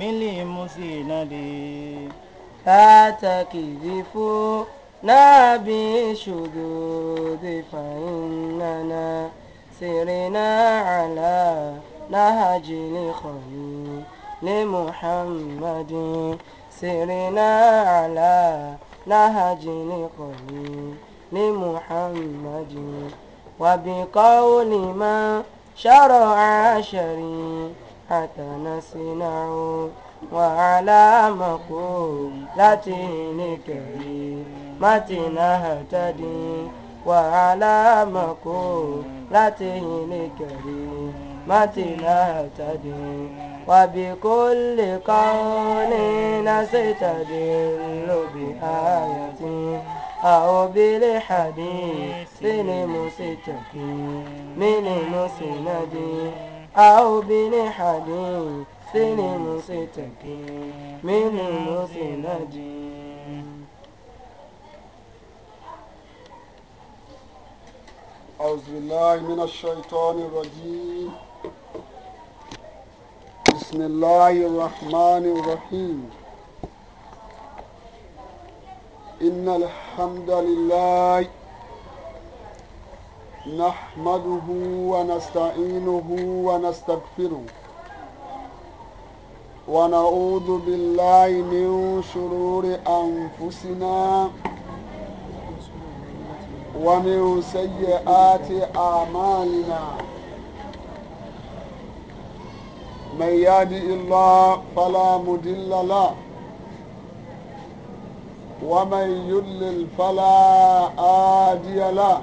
بالمسند لا تكذفونا بالشذوذ فإننا سرنا على نهج الخليل لمحمد سرنا على نهج الخليل لمحمد وبقول من شرع شريع أتنسينه وعلى مقولتين كريمة نهتدي وعلى مقولتين كريمة نهتدي وبكل قول نستدل بآية أو بالحديث من مستقيم من مسند أو بلحديث المستك من المسند أعوذ بالله من الشيطان الرجيم بسم الله الرحمن الرحيم إن الحمد لله نحمده ونستعينه ونستغفره ونعوذ بالله من شرور أنفسنا ومن سيئات أعمالنا من يهدئ الله فلا مضل له ومن يضلل فلا هادي له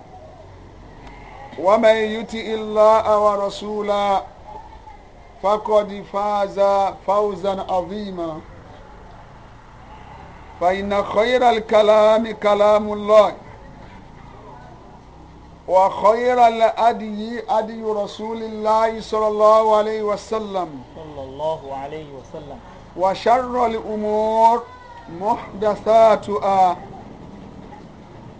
ومن يطع الله ورسوله فقد فاز فوزا عظيما فإن خير الكلام كلام الله وخير الأدي أدي رسول الله صلى الله عليه وسلم صلى الله عليه وسلم وشر الأمور محدثاتها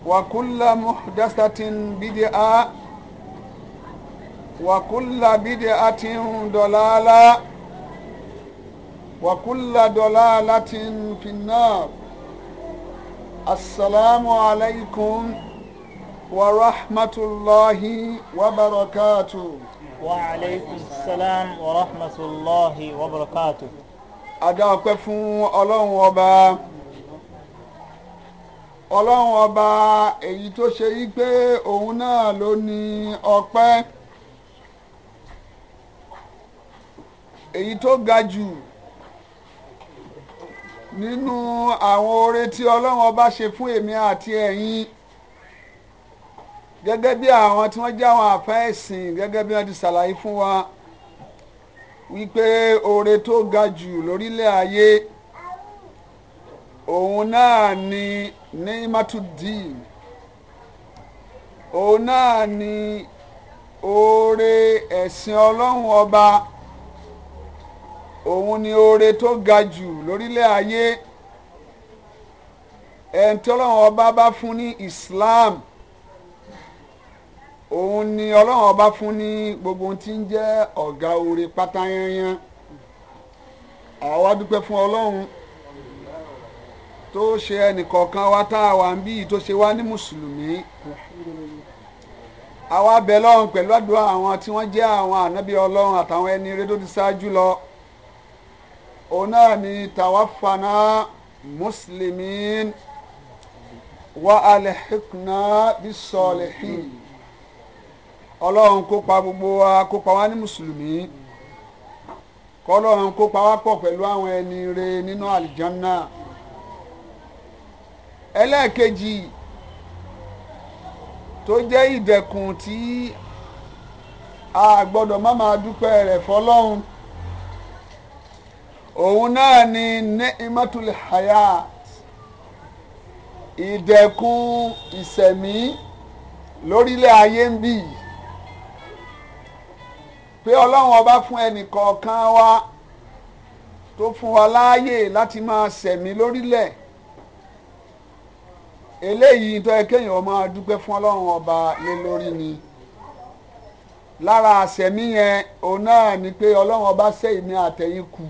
وكل محدثة بدعة وكل بدعة ضلالة وكل ضلالة في النار السلام عليكم ورحمة الله وبركاته وعليكم السلام ورحمة الله وبركاته adáwọ̀pẹ́ fún ọlọ́run ọba ọlọ́run ọba èyí tó ṣe yí pé òun náà ló ní ọpẹ́. èyí tó ga jù nínú àwọn oore tí ọlọ́run ọba ṣe fún èmi àti ẹ̀yin gẹ́gẹ́ bí àwọn tí wọ́n jẹ́ àwọn àfáà ẹ̀sìn gẹ́gẹ́ bí wọ́n ti ṣàlàyé fún wa wípé oore tó ga jù lórílẹ̀ ayé òun náà ni nematudin òun náà ni oore ẹ̀sìn ọlọ́run ọba òun ni oore tó ga jù lórílẹ̀ ayé ẹni tí ọba bá fún ní Islam òun ni ọlọ́run ọba fún ní gbogbo ohun tí ń jẹ́ ọ̀gá oore pátá yanyan àwa dúpẹ́ fún ọlọ́run tó ṣe ẹnìkọ̀ọ̀kan wa tá a wà ń bí tó ṣe wá ní mùsùlùmí àwa bẹ̀ lọ́run pẹ̀lú àdúrà àwọn tí wọ́n jẹ́ àwọn ànábì ọlọ́run àtàwọn ẹni rẹ tó ti ṣáájú lọ òun náà ni tawafana muslimin wa alihikna bisolihin ọlọ́run kó pa gbogbo wa kó pa wá ní mùsùlùmí kọlọ́run kó pa wá pọ̀ pẹ̀lú àwọn ẹni re nínú àlìjánná ẹlẹ́ẹ̀kejì tó jẹ́ ìdẹ̀kùn tí a gbọ́dọ̀ má máa dúpẹ́ rẹ̀ fọlọ́run òun náà ni ni'matul hayat ìdẹ̀kùn ìsẹ̀mí lórílẹ̀ ayé ń bì pé ọlọ́run ọba fún ẹnìkọ̀ọ̀kan wa tó fún wa láàyè láti máa sẹ̀mí lórílẹ̀ eléyìí tó yẹ kéèyàn máa dúpẹ́ fún ọlọ́run ọba lé lórí ni lára àsẹ̀mí yẹn òun náà ni pé ọlọ́run ọba sẹ́yìn ní àtẹ̀yìn kù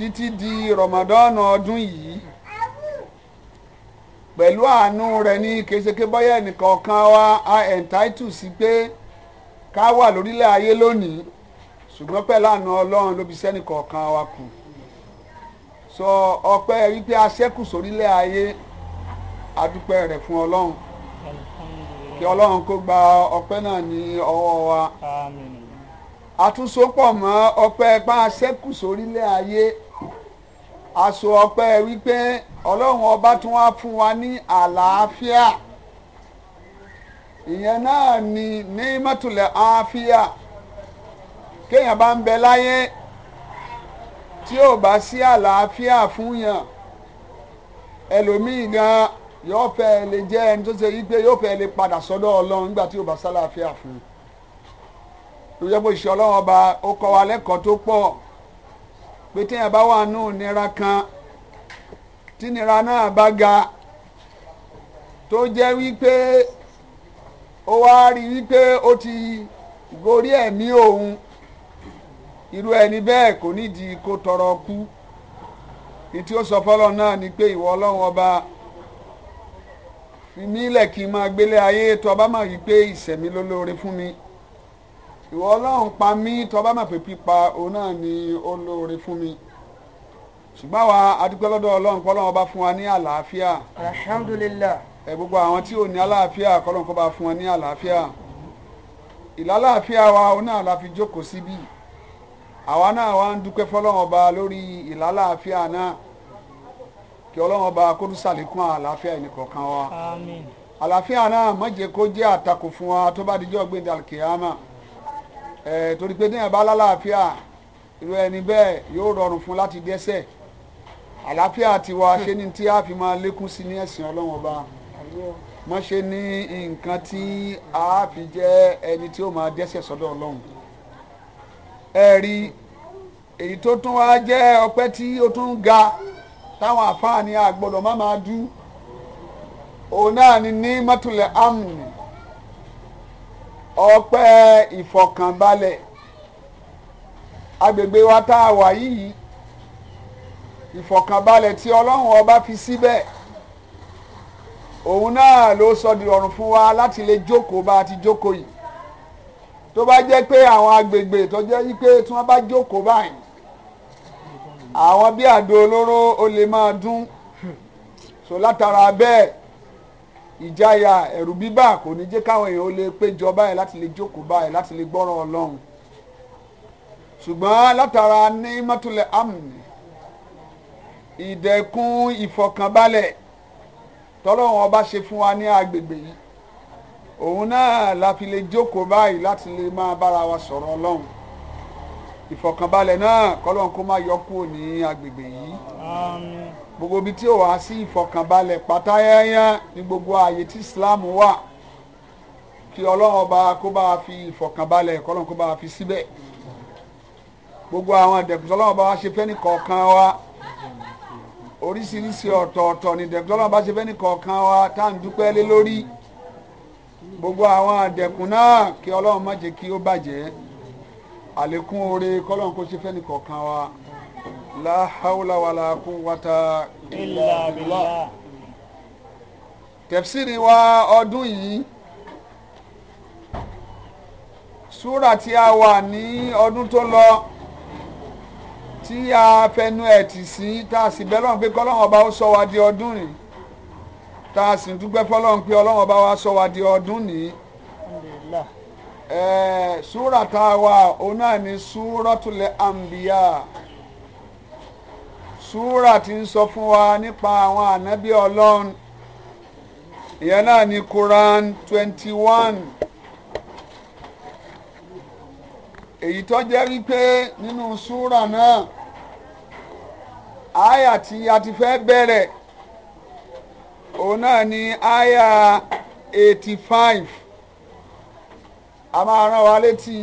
títí di Ramadan ọdún yìí pẹ̀lú àánú rẹ̀ ní keseke bọ́yá ẹnìkan kan wa a entitled sí pé ká wà lórílẹ̀ ayé lónìí ṣùgbọ́n pẹ̀lú àánú Ọlọ́run ló fi sẹ́nì kọ̀ọ̀kan wa kù sọ ọpẹ́ wípé a ṣẹ́kù sórílẹ̀ ayé a dúpẹ́ rẹ̀ fún Ọlọ́run kí Ọlọ́run kó gba ọpẹ́ náà ní ọwọ́ wa àtúnṣe pọ̀ mọ́ ọpẹ́ bá ṣẹ́kù sórílẹ̀ ayé aṣọ ọpẹ́ wípé ọlọ́run ọba tún wá fún wa ní àlàáfíà ìyẹn náà ni ní mọ́tòlẹ̀ àáfíà kéèyàn bá ń bẹ láyé tí ò bá sí àlàáfíà fún yàn ẹlòmíì gan yóò fẹ́ lè jẹ́ ẹni tó ṣe wípé yóò fẹ́ lè padà sọ́dọ̀ ọlọ́run nígbà tí ò bá sálàáfíà fún un. ìjọba òṣìṣẹ́ ọlọ́run ọba ó kọ́ wa lẹ́kọ̀ọ́ tó pọ̀ pé tí yẹn bá wà nù nira kan tí nira náà bá ga tó jẹ́ wípé ó wá rí wípé ó ti gorí ẹ̀mí òun irú ẹni bẹ́ẹ̀ kò nídìí kó tọrọ kú ní tí ó sọ fọlọ́ náà ni pé ìwọ ọlọ́run ọba fi mí lẹ̀ kí n máa gbélé ayé tó ọba máa yí pé ìṣẹ̀mí ló fún mi ìwọ ọlọ́run pa mí tọ́ba mà pé pípa òun náà ni ó fún mi ṣùgbọ́n wa adúpẹ́ lọ́dọ̀ ọlọ́run kọ́ lọ́wọ́ bá fún wa ní àlàáfíà. alhamdulillah. ẹ gbogbo àwọn tí ò ní àlàáfíà kọ́ lọ́wọ́ kọ́ bá fún wa ní àlàáfíà. ìlàlàáfíà wa òun náà la fi jókòó síbí. àwa náà wá ń dúpẹ́ fọlọ́wọ́n ọba lórí ìlàlàáfíà náà. kí ọlọ́wọ́n ọba kó tún ṣàlékún àlàáfíà ẹnìkọ̀ọ̀kan wa. àmín. àlàáfíà náà má jẹ́ kó jẹ́ àtakò fún wa tó bá dijọ́ gbẹ̀dẹ̀ alkiyama ẹ̀ torí pé téèyàn bá lálàáfíà irú ẹni bẹ́ẹ̀ yóò rọrùn fún láti dẹ́sẹ̀ àlàáfíà tiwa hmm. ṣé ni tí a fi máa lékún sí ní ẹ̀sìn ọlọ́run ọba mọ́ ṣe ní nǹkan tí a fi jẹ́ ẹni tí ó máa dẹ́sẹ̀ sọ́dọ̀ ọlọ́run ẹ rí èyí tó tún wá jẹ́ ọpẹ́ tí ó tún ga táwọn àfáàní àgbọ̀dọ̀ má máa dú òun náà ni ní mọ́tòlẹ̀ amúnì ọpẹ́ ìfọ̀kànbalẹ̀ agbègbè wa tá a wà yìí ìfọ̀kànbalẹ̀ tí ọlọ́run ọba fi síbẹ̀ òun náà ló sọ di ọ̀run fún wa láti lè jókòó bá a ti jókòó yìí tó bá jẹ́ pé àwọn agbègbè tó jẹ́ wípé tí wọ́n bá jókòó báyìí àwọn bí àdó olóró ó lè máa dún so látara bẹ́ẹ̀ ìjáyà ẹ̀rù bíbà kò ní jẹ́ káwọn èèyàn ó lè péjọ báyìí láti lè jókòó báyìí láti lè gbọ́rọ̀ ọlọ́run ṣùgbọ́n látara ní mọ́tòlẹ̀ amúnì ìdẹ̀kùn ìfọ̀kànbalẹ̀ tọ́lọ́run ọba ṣe fún wa ní agbègbè yìí òun náà la fi lè jókòó báyìí láti lè máa bára wa sọ̀rọ̀ ọlọ́run ìfọ̀kànbalẹ̀ náà kọ́lọ́run kó má yọ ní agbègbè yìí. Àmín gbogbo ibi tí ó wá sí ìfọkànbalẹ̀ pátáyáyá ní gbogbo ààyè tí Islam wà kí ọlọ́run ọba kó bá fi ìfọkànbalẹ̀ kọ́lọ́run kó bá fi síbẹ̀ gbogbo àwọn ìdẹ̀kùn ọlọ́run ọba wa ṣe fẹ́ ní kọ̀ọ̀kan wa oríṣiríṣi ọ̀tọ̀ọ̀tọ̀ ní ìdẹ̀kùn ọlọ́run ọba ṣe fẹ́ ní kọ̀ọ̀kan wa tá à ń dúpẹ́ lé lórí gbogbo àwọn àdẹ̀kùn náà kí ọlọ́run má jẹ́ kí ó bàjẹ́ àlékún oore kọ́lọ́run kó ṣe fẹ́ ní kọ̀ọ̀kan wa la hawla wala quwwata illa billah tẹ̀fsìrì wa ọdún yìí súrà tí a wà ní ọdún tó lọ tí a fẹnu ẹ̀ tì sí tá a sì bẹ́ẹ̀ lọ́n pé kọ́lọ́hún ọba ó sọ wa di ọdún yìí tá a súrà tí ń sọ fún wa nípa àwọn ànábì ọlọ́run ìyẹn náà ni Quran twenty one èyí tó jẹ́ wípé nínú súrà náà àyà tí a ti fẹ́ bẹ̀rẹ̀ òun náà ni àyà eighty five a máa rán wa létí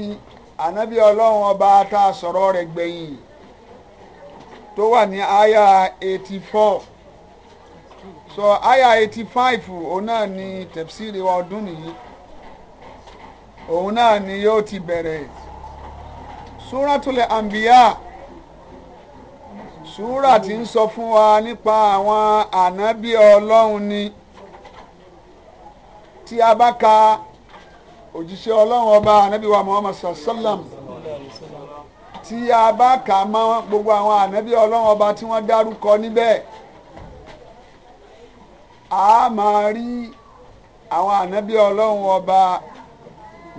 ànábì ọlọ́run ọba tá a sọ̀rọ̀ rẹ̀ gbẹ̀yìn tó wà ní àyà eighty four so àyà eighty five òun náà ni tẹ̀síìrì wa ọdún nìyí òun náà ni yóò ti bẹ̀rẹ̀ súrátulẹ̀ àǹbíyá súrà tí ń sọ fún wa nípa àwọn ànábì ọlọ́run ni tí a bá ka òjíṣẹ́ ọlọ́run ọba ànábì wa Muhammad sallam tí a bá kà mọ́ gbogbo àwọn ànábì ọlọ́run ọba tí wọ́n dárúkọ níbẹ̀ a máa rí àwọn ànábì ọlọ́run ọba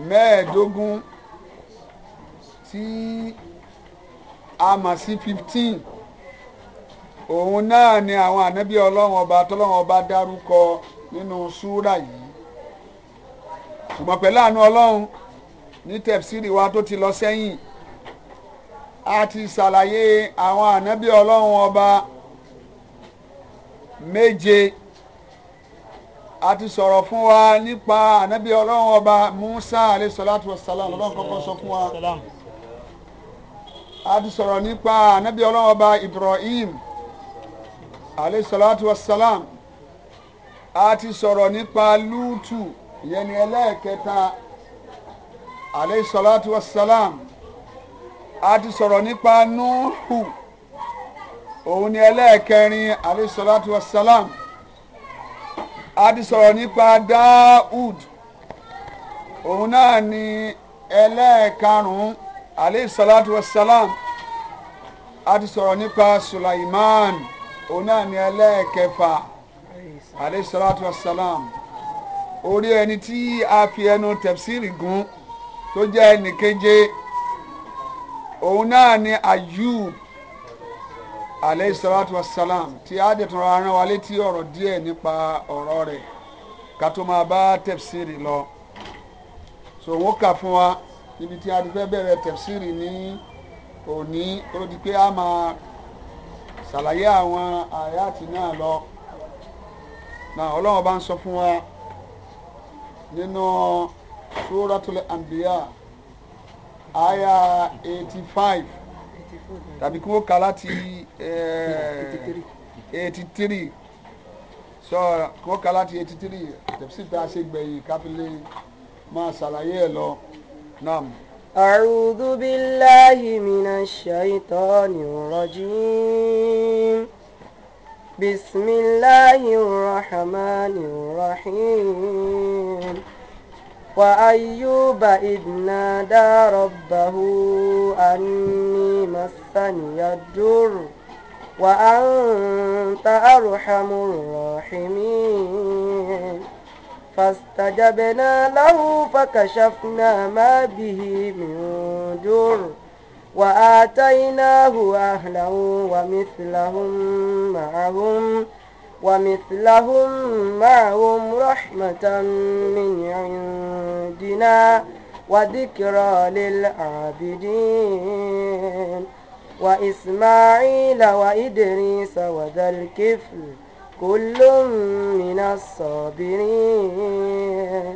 mẹ́ẹ̀ẹ́dógún tí a mọ̀ sí fifteen òun náà ni àwọn ànábì ọlọ́run ọba tọ́lọ́run ọba dárúkọ nínú súrà yìí ṣùgbọ́n pẹ̀lú àánú ọlọ́run ní tẹ̀síìrì wa tó ti lọ sẹ́yìn a ti ṣàlàyé àwọn ànábì ọlọ́run ọba méje a ti sọ̀rọ̀ fún wa nípa ànábì ọlọ́run ọba Musa alayhi salatu wa salam ọlọ́run kọ́kọ́ sọ fún wa a ti sọ̀rọ̀ nípa ànábì ọlọ́run ọba Ibrahim alayhi salatu wa salam a ti sọ̀rọ̀ nípa Lútù ìyẹn ni ẹlẹ́ẹ̀kẹta alayhi salatu salam a ti sọ̀rọ̀ nípa nuhu òun ni ẹlẹ́ẹ̀kẹrin aleṣọ́látu wasalam a ti sọ̀rọ̀ nípa daud òun náà ni ẹlẹ́ẹ̀karùn-ún aleṣọ́látu wasalam a ti sọ̀rọ̀ nípa sulaiman òun náà ni ẹlẹ́ẹ̀kẹfà aleṣọ́látu wasalam orí ẹni tí a fi ẹnu tẹ̀síìrì gún tó jẹ́ ẹnìkeje òun náà ni ayub aleyhi salatu wa salam tí a dẹ̀ tún ara wa létí ọ̀rọ̀ díẹ̀ nípa ọ̀rọ̀ rẹ̀ ká tó máa bá tẹ̀síìrì lọ so wọ́n kà fún wa níbi tí a ti fẹ́ bẹ̀rẹ̀ tẹ̀síìrì ní òní ó di pé a máa ṣàlàyé àwọn àyàtì náà lọ náà ọlọ́run bá ń sọ fún wa nínú suratul anbiya. No, aya eighty five tàbí kí wọ́n kà láti eh, eighty three so kí wọ́n kà láti eighty three tẹ̀sí tá a ṣe gbẹ̀yìn kápẹ́lẹ́ máa ṣàlàyé ẹ̀ lọ náà. أعوذ بالله من الشيطان الرجيم بسم الله الرحمن الرحيم وأيوب إذ نادى ربه أني مسني الجر وأنت أرحم الراحمين فاستجبنا له فكشفنا ما به من جر وآتيناه أهلا ومثلهم معهم ومثلهم معهم رحمة من عندنا وذكرى للعابدين وإسماعيل وإدريس وذا الكفل كل من الصابرين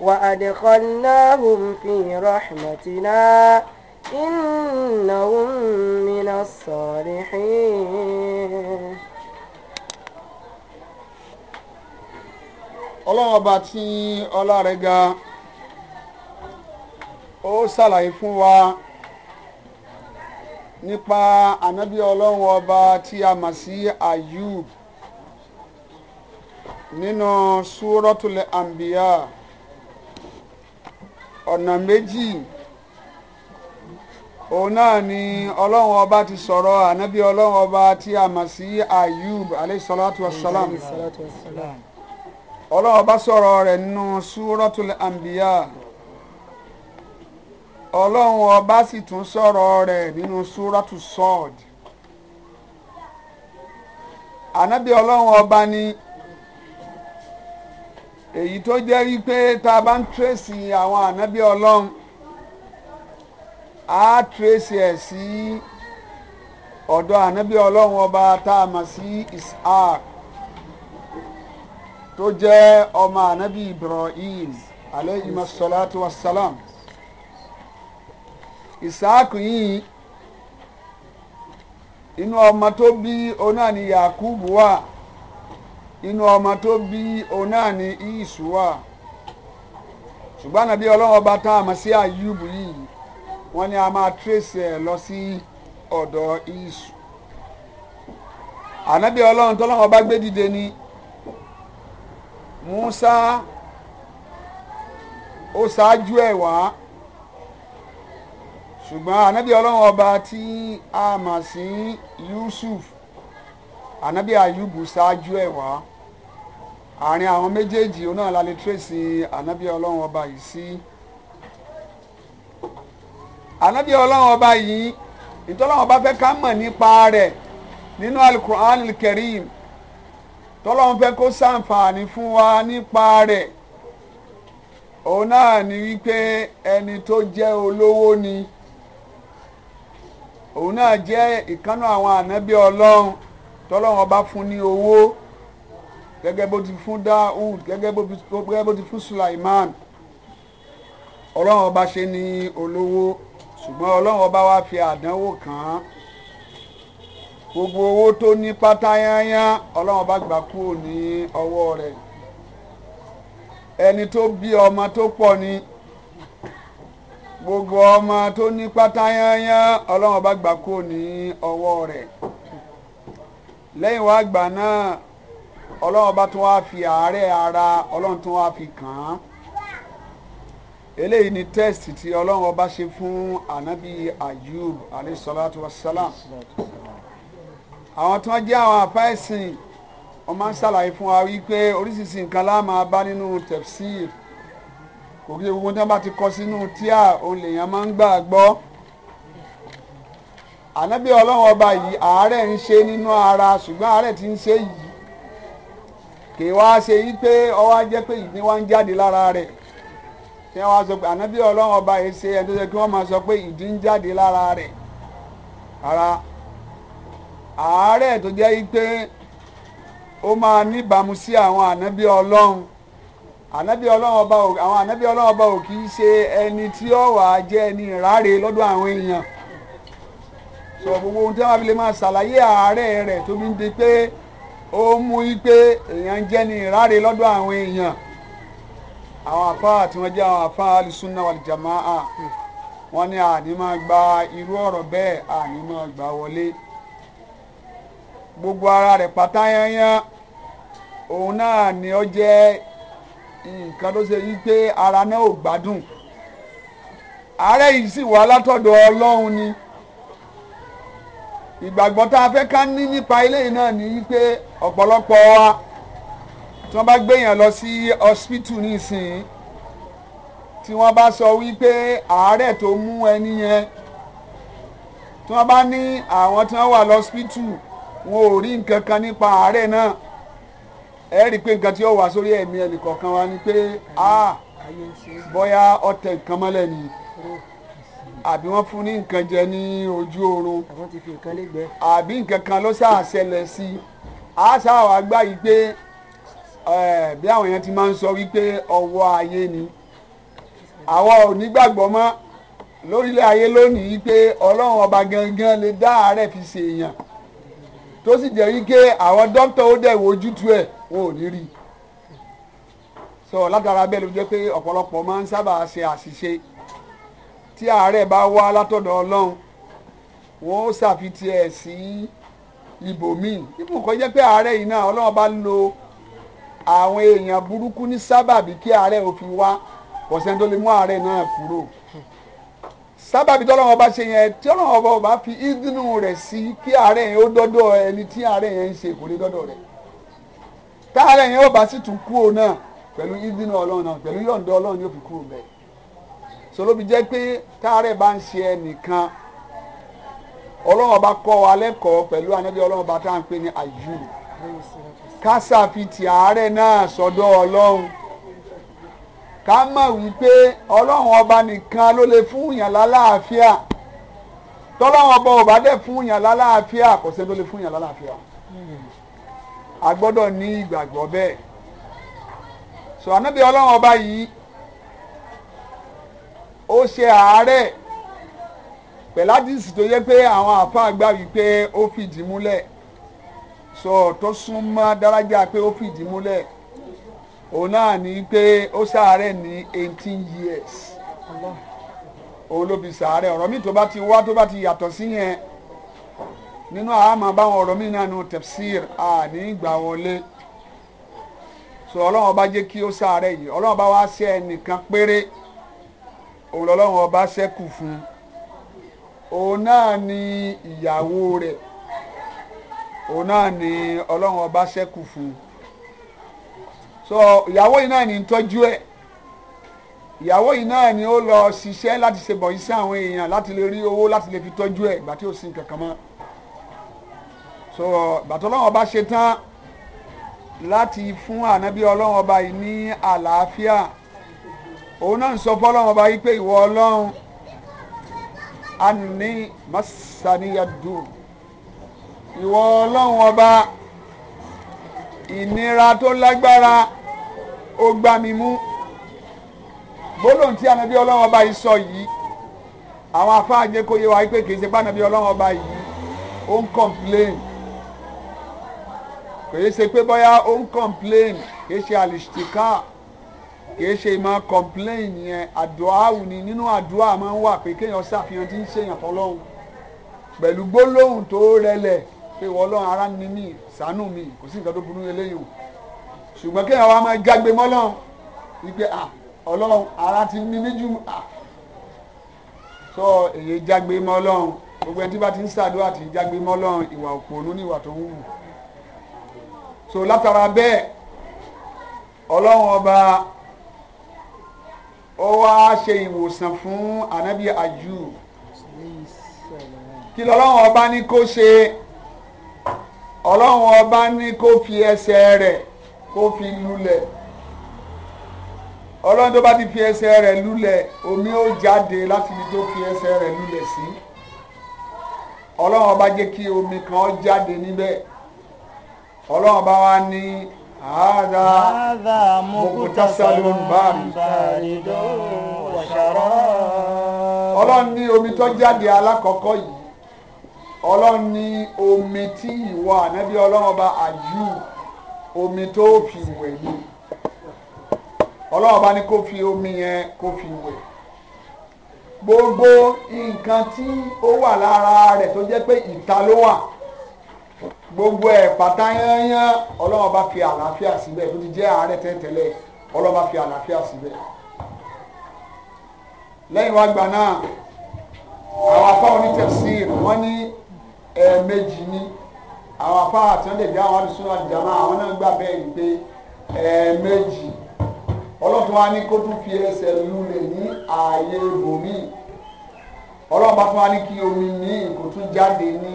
وأدخلناهم في رحمتنا إنهم من الصالحين ọlọ́run ọba tí ọlá rẹ̀ ga ó ṣàlàyé fún wa nípa ànábì ọlọ́run ọba tí a mọ̀ sí Ayub nínú Suratul Anbiya ọ̀nà méjì òun náà ni ọlọ́run ọba ti sọ̀rọ̀ ànábì ọlọ́run ọba tí a mọ̀ sí Ayub Alayhi salatu wa salam ọlọ́run bá sọ̀rọ̀ rẹ̀ nínú súrọ́tul àǹbíyà ọlọ́run ọba sì tún sọ̀rọ̀ rẹ̀ nínú súrọ́tù sọ́ọ̀d ànábì ọlọ́run ọba ni èyí tó jẹ́ wípé tá a bá ń tírèsì àwọn ànábì ọlọ́run á tírèsì ẹ̀ sí ọ̀dọ̀ ànábì ọlọ́run ọba tá a mọ̀ sí Ishaq tó jẹ́ ọmọ anabi ibrahim aleyhi masalatu wasalam isaaku yìí inú ọmọ tó bí onáà ni yakubu wà inú ọmọ tó bí onáà ni isu wà ṣùgbọ́n àbí ọlọ́run ọba tá a mọ̀ sí ayubu yìí wọ́n ní a máa tírèsì ẹ̀ lọ sí ọ̀dọ̀ isu ànábì ọlọ́run tọ́lọ́run ọba gbé dìde ni. Musa ó ṣáájú ẹ̀ wá ṣùgbọ́n ànábì ọlọ́run ọba tí a mà sí Yusuf ànábì Ayubu ṣáájú ẹ̀ wá àárín àwọn méjèèjì onáà la lè tírèsì ànábì ọlọ́run ọba yìí sí ànábì ọlọ́run ọba yìí ìtọ́lọ́run ọba fẹ́ ká mọ̀ nípa rẹ̀ nínú alukur'an karim. Al tọ́lọ́run fẹ́ kó ṣàǹfààní fún wa nípa rẹ̀ òun náà ni wípé ẹni tó jẹ́ olówó ni òun náà jẹ́ ìkánú àwọn ànábì ọlọ́run tọ́lọ́run ọba fún ní owó gẹ́gẹ́ bó ti fún Dawud gẹ́gẹ́ bó ti fún Sulaiman ọlọ́run ọba ṣe ní olówó ṣùgbọ́n ọlọ́run ọba wa fi àdánwò kàn án gbogbo owó tó ní pátáyáyá ọlọ́run bá gbà kúrò ní ọwọ́ rẹ̀ ẹni tó bí ọmọ tó pọ̀ ni gbogbo ọmọ tó ní pátáyáyá ọlọ́run bá gbà kúrò ní ọwọ́ rẹ̀ lẹ́yìn wá gbà náà ọlọ́run bá tún wá fi àárẹ̀ ara ọlọ́run tún wá fi kàn án eléyìí ni test tí ọlọ́run ọba ṣe fún anabi ayub alayhi salatu wa salam. àwọn tí wọ́n jẹ́ àwọn àpá ẹ̀sìn wọ́n máa ń ṣàlàyé fún wa wípé oríṣiríṣi nǹkan la máa bá nínú tafsir kò kí gbogbo tí wọ́n ti kọ sínú tíà òun lèèyàn máa ń gbà gbọ́ ànábì ọlọ́run ọba yìí àárẹ̀ ń ṣe nínú ara ṣùgbọ́n àárẹ̀ ti ń ṣe yìí kì í wá ṣe yí pé ọwọ́ á jẹ́ pé ìdí wá ń jáde lára rẹ̀ kí wọ́n á sọ pé ànábì ọlọ́run ọba yìí ṣe ẹni tó ṣe kí wọ́n máa sọ pé ìdí ń jáde lára rẹ̀ rárá. àárẹ̀ tó jẹ́ pé ó máa níbàámu sí àwọn ànábí ọlọ́run ọba ò àwọn ọba ò kì ṣe ẹni tí ó wà á jẹ́ ẹni ìráre lọ́dọ̀ àwọn èèyàn sọ gbogbo ohun tí wọ́n fi lè máa ṣàlàyé àárẹ̀ rẹ̀ tó fi ń di pé ó mú i pé èèyàn ń jẹ́ ni ìráre lọ́dọ̀ àwọn èèyàn àwọn jẹ́ àwọn gbogbo ara rẹ̀ pátá yányán òun náà ni ó jẹ́ nǹkan tó ṣe wípé ara náà ò gbádùn àárẹ̀ yìí sì wá látọ̀dọ̀ ọlọ́run ni ìgbàgbọ́ tá a fẹ́ ká ní nípa eléyìí náà ni wípé ọ̀pọ̀lọpọ̀ wa tí wọ́n bá gbéyàn lọ sí hospital nísìnyí tí wọ́n bá sọ wípé àárẹ̀ tó mú ẹni yẹn tí wọ́n bá ní àwọn tí wọ́n wà lọ́spítù wọn ò rí nǹkan kan nípa àárẹ̀ náà ẹ rí i pé nǹkan tí ó wà sórí ẹ̀mí ẹnìkọ̀ọ̀kan wa ni pé a bóyá ọtẹ nǹkan mọ́lẹ̀ ni àbí wọ́n fún ní nǹkan jẹ ní ojú oorun àbí nǹkan kan ló sáà ṣẹlẹ̀ sí i a sáà wá gbá yìí pé bí àwọn èèyàn ti máa ń sọ wípé ọwọ́ ayé ni àwa ò nígbàgbọ́ mọ́ lórílẹ̀ ayé lónìí pé ọlọ́run ọba gangan lè dá àárẹ̀ fi ṣèèyàn tó sì jẹ́ wípé àwọn dókítà ó dẹ̀ wojútu ẹ̀ wọn ní rí i so látara bẹ́ẹ̀ ló jẹ́ pé ọ̀pọ̀lọpọ̀ máa ń sábà ṣe àṣìṣe tí àárẹ̀ bá wá látọ̀dọ̀ ọlọ́run wọn ó ṣàfitì ẹ̀ sí ibòmíì ibùkọ́ jẹ́ pé àárẹ̀ yìí náà ọlọ́run bá lo àwọn èèyàn burúkú ní sábàbí kí àárẹ̀ ò wá kò tó lè mú àárẹ̀ náà kúrò sábàbí tọ́lọ́wọ́n bá ṣe yẹn tí ọlọ́wọ́n bá fi ìdùnnú rẹ̀ sí kí àárẹ̀ yẹn ó dọ́dọ̀ ẹni tí àárẹ̀ yẹn ń ṣe kò lè dọ́dọ̀ rẹ̀ táàrẹ̀ yẹn ó bá sì tún kúrò náà pẹ̀lú ìdùnnú ọlọ́run náà pẹ̀lú yọ̀ǹda ọlọ́run yóò fi kúrò bẹ́ẹ̀ sọlọ́bi jẹ́ pé táàrẹ̀ bá ń ṣe ẹnìkan ọlọ́run ọba kọ́ wa lẹ́kọ̀ọ́ pẹ̀lú anábì ọlọ́run ká mọ̀ wípé ọlọ́run ọba nìkan ló lè fún yàn lálàáfíà tọ́lọ́run ọba ò bá dẹ̀ fún yàn lálàáfíà kò sẹ́ni tó lè fún yàn lálàáfíà a gbọ́dọ̀ ní ìgbàgbọ́ bẹ́ẹ̀ sọ ànábì ọlọ́run ọba yìí ó ṣe àárẹ̀ pẹ̀ládìsì tó yẹ pé àwọn àfáà gbà wípé ó fìdí múlẹ̀ sọ tó súnmọ́ dárájà pé ó fìdí múlẹ̀ òun náà ní pé ó ṣàárẹ̀ ní eighteen years òun ló fi ṣàárẹ̀ ọ̀rọ̀ mi tó bá ti wá tó bá ti yàtọ̀ sí yẹn nínú àmà báwọn ọ̀rọ̀ mi náà nu tafsir àní ìgbà wọlé so ọlọ́run ọba jẹ́ kí ó ṣàárẹ̀ yìí ọlọ́run ọba wá ṣe ẹnìkan péré òun lọ́lọ́run ọba ṣẹ́kù fún òun náà ni ìyàwó rẹ̀ òun náà ni ọlọ́run ọba ṣẹ́kù fún un so ìyàwó yìí náà ní ń tọ́jú ẹ̀ ìyàwó yìí náà ni ó lọ ṣiṣẹ́ láti ṣe bọ̀ iṣẹ́ àwọn èèyàn láti lè rí owó láti lè fi tọ́jú ẹ̀ ìgbà tí ò sí kankan mọ́ so ìgbà tó Ọlọ́run ọba ṣe tán láti fún ànábì Ọlọ́run ọba yìí ní àlàáfíà òun náà ń sọ fọ́lọ́run ọba yìí pé ìwọ Ọlọ́run àní mọ́sániyàdù ìwọ Ọlọ́run ọba ìnira tó lágbára ó gbá mi mú gbólóhùn tí ànábì ọlọ́run ọba yìí sọ yìí àwọn afáàjẹ kò yé wa pé kì í ṣe pé ànábì ọlọ́run ọba yìí ó ń complain kò yé ṣe pé bóyá ó ń complain kì í ṣe àlìṣtìká kì í ṣe máa complain yẹn àdúrà àwùni nínú àdúrà máa ń wà pé kéèyàn ṣàfihàn tí ń ṣèyàn fọlọ́run pẹ̀lú gbólóhùn tó rẹlẹ̀ pé wọ́n ọlọ́run ara ni mí ṣàánú mi kò sí nǹkan tó burú eléyìí ṣùgbọ́n kéèyàn wá máa jágbe mọ́lọ́run wípé à ọlọ́run ara ti ní níjú à sọ èyí jágbe mọ́lọ́run gbogbo ẹni tí bá ti ń ṣàdúrà tí jágbe mọ́lọ́run ìwà òpònú ní ìwà tó wù so látara bẹ́ẹ̀ ọlọ́run ọba ó wá ṣe ìwòsàn fún ànábì Ayub kí lọ́lọ́run ọba ní kó ṣe ọlọ́run ọba ní kó fi ẹsẹ̀ rẹ̀ kó fi lulẹ̀ ọlọ́run tó bá ti fi ẹsẹ̀ rẹ̀ lulẹ̀ omi ó jáde láti ibi tó fi ẹsẹ̀ rẹ̀ lulẹ̀ sí ọlọ́run ọba jẹ́ kí omi kan jáde níbẹ̀ ọlọ́run ọba wa ní àádá mọ̀kútásálóhùn báàrí ọlọ́run ní omi tó jáde alákọ̀ọ́kọ́ yìí ọlọ́run ní omi tí ìwọ ànábì ọlọ́run ọba àjù omi tó fi wẹ̀ ni ọlọ́run bá ní kó fi omi yẹn kó fi wẹ̀ gbogbo nǹkan tí ó wà lára rẹ̀ tó jẹ́ pé ìta ló wà gbogbo ẹ̀ pátá yányán ọlọ́run bá fi àlàáfíà síbẹ̀ tó ti jẹ́ àárẹ̀ tẹ́tẹ́lẹ̀ ọlọ́run bá fi àlàáfíà síbẹ̀ lẹ́yìn wá gbà náà àwọn afáwọn onítẹ̀sí wọ́n ní ẹ̀ẹ̀mejì ni. Eh, àwọn afá àti wọn lè gbé àwọn àdìsúná àdìjàmá àwọn náà gbà bẹ́ẹ̀ ni pé ẹ̀ẹ̀mejì ọlọ́run wa ní kó tún fi ẹsẹ̀ lulẹ̀ ní ààyè ibòmíì ọlọ́run fún wa ní kí omi míì kó tún jáde ní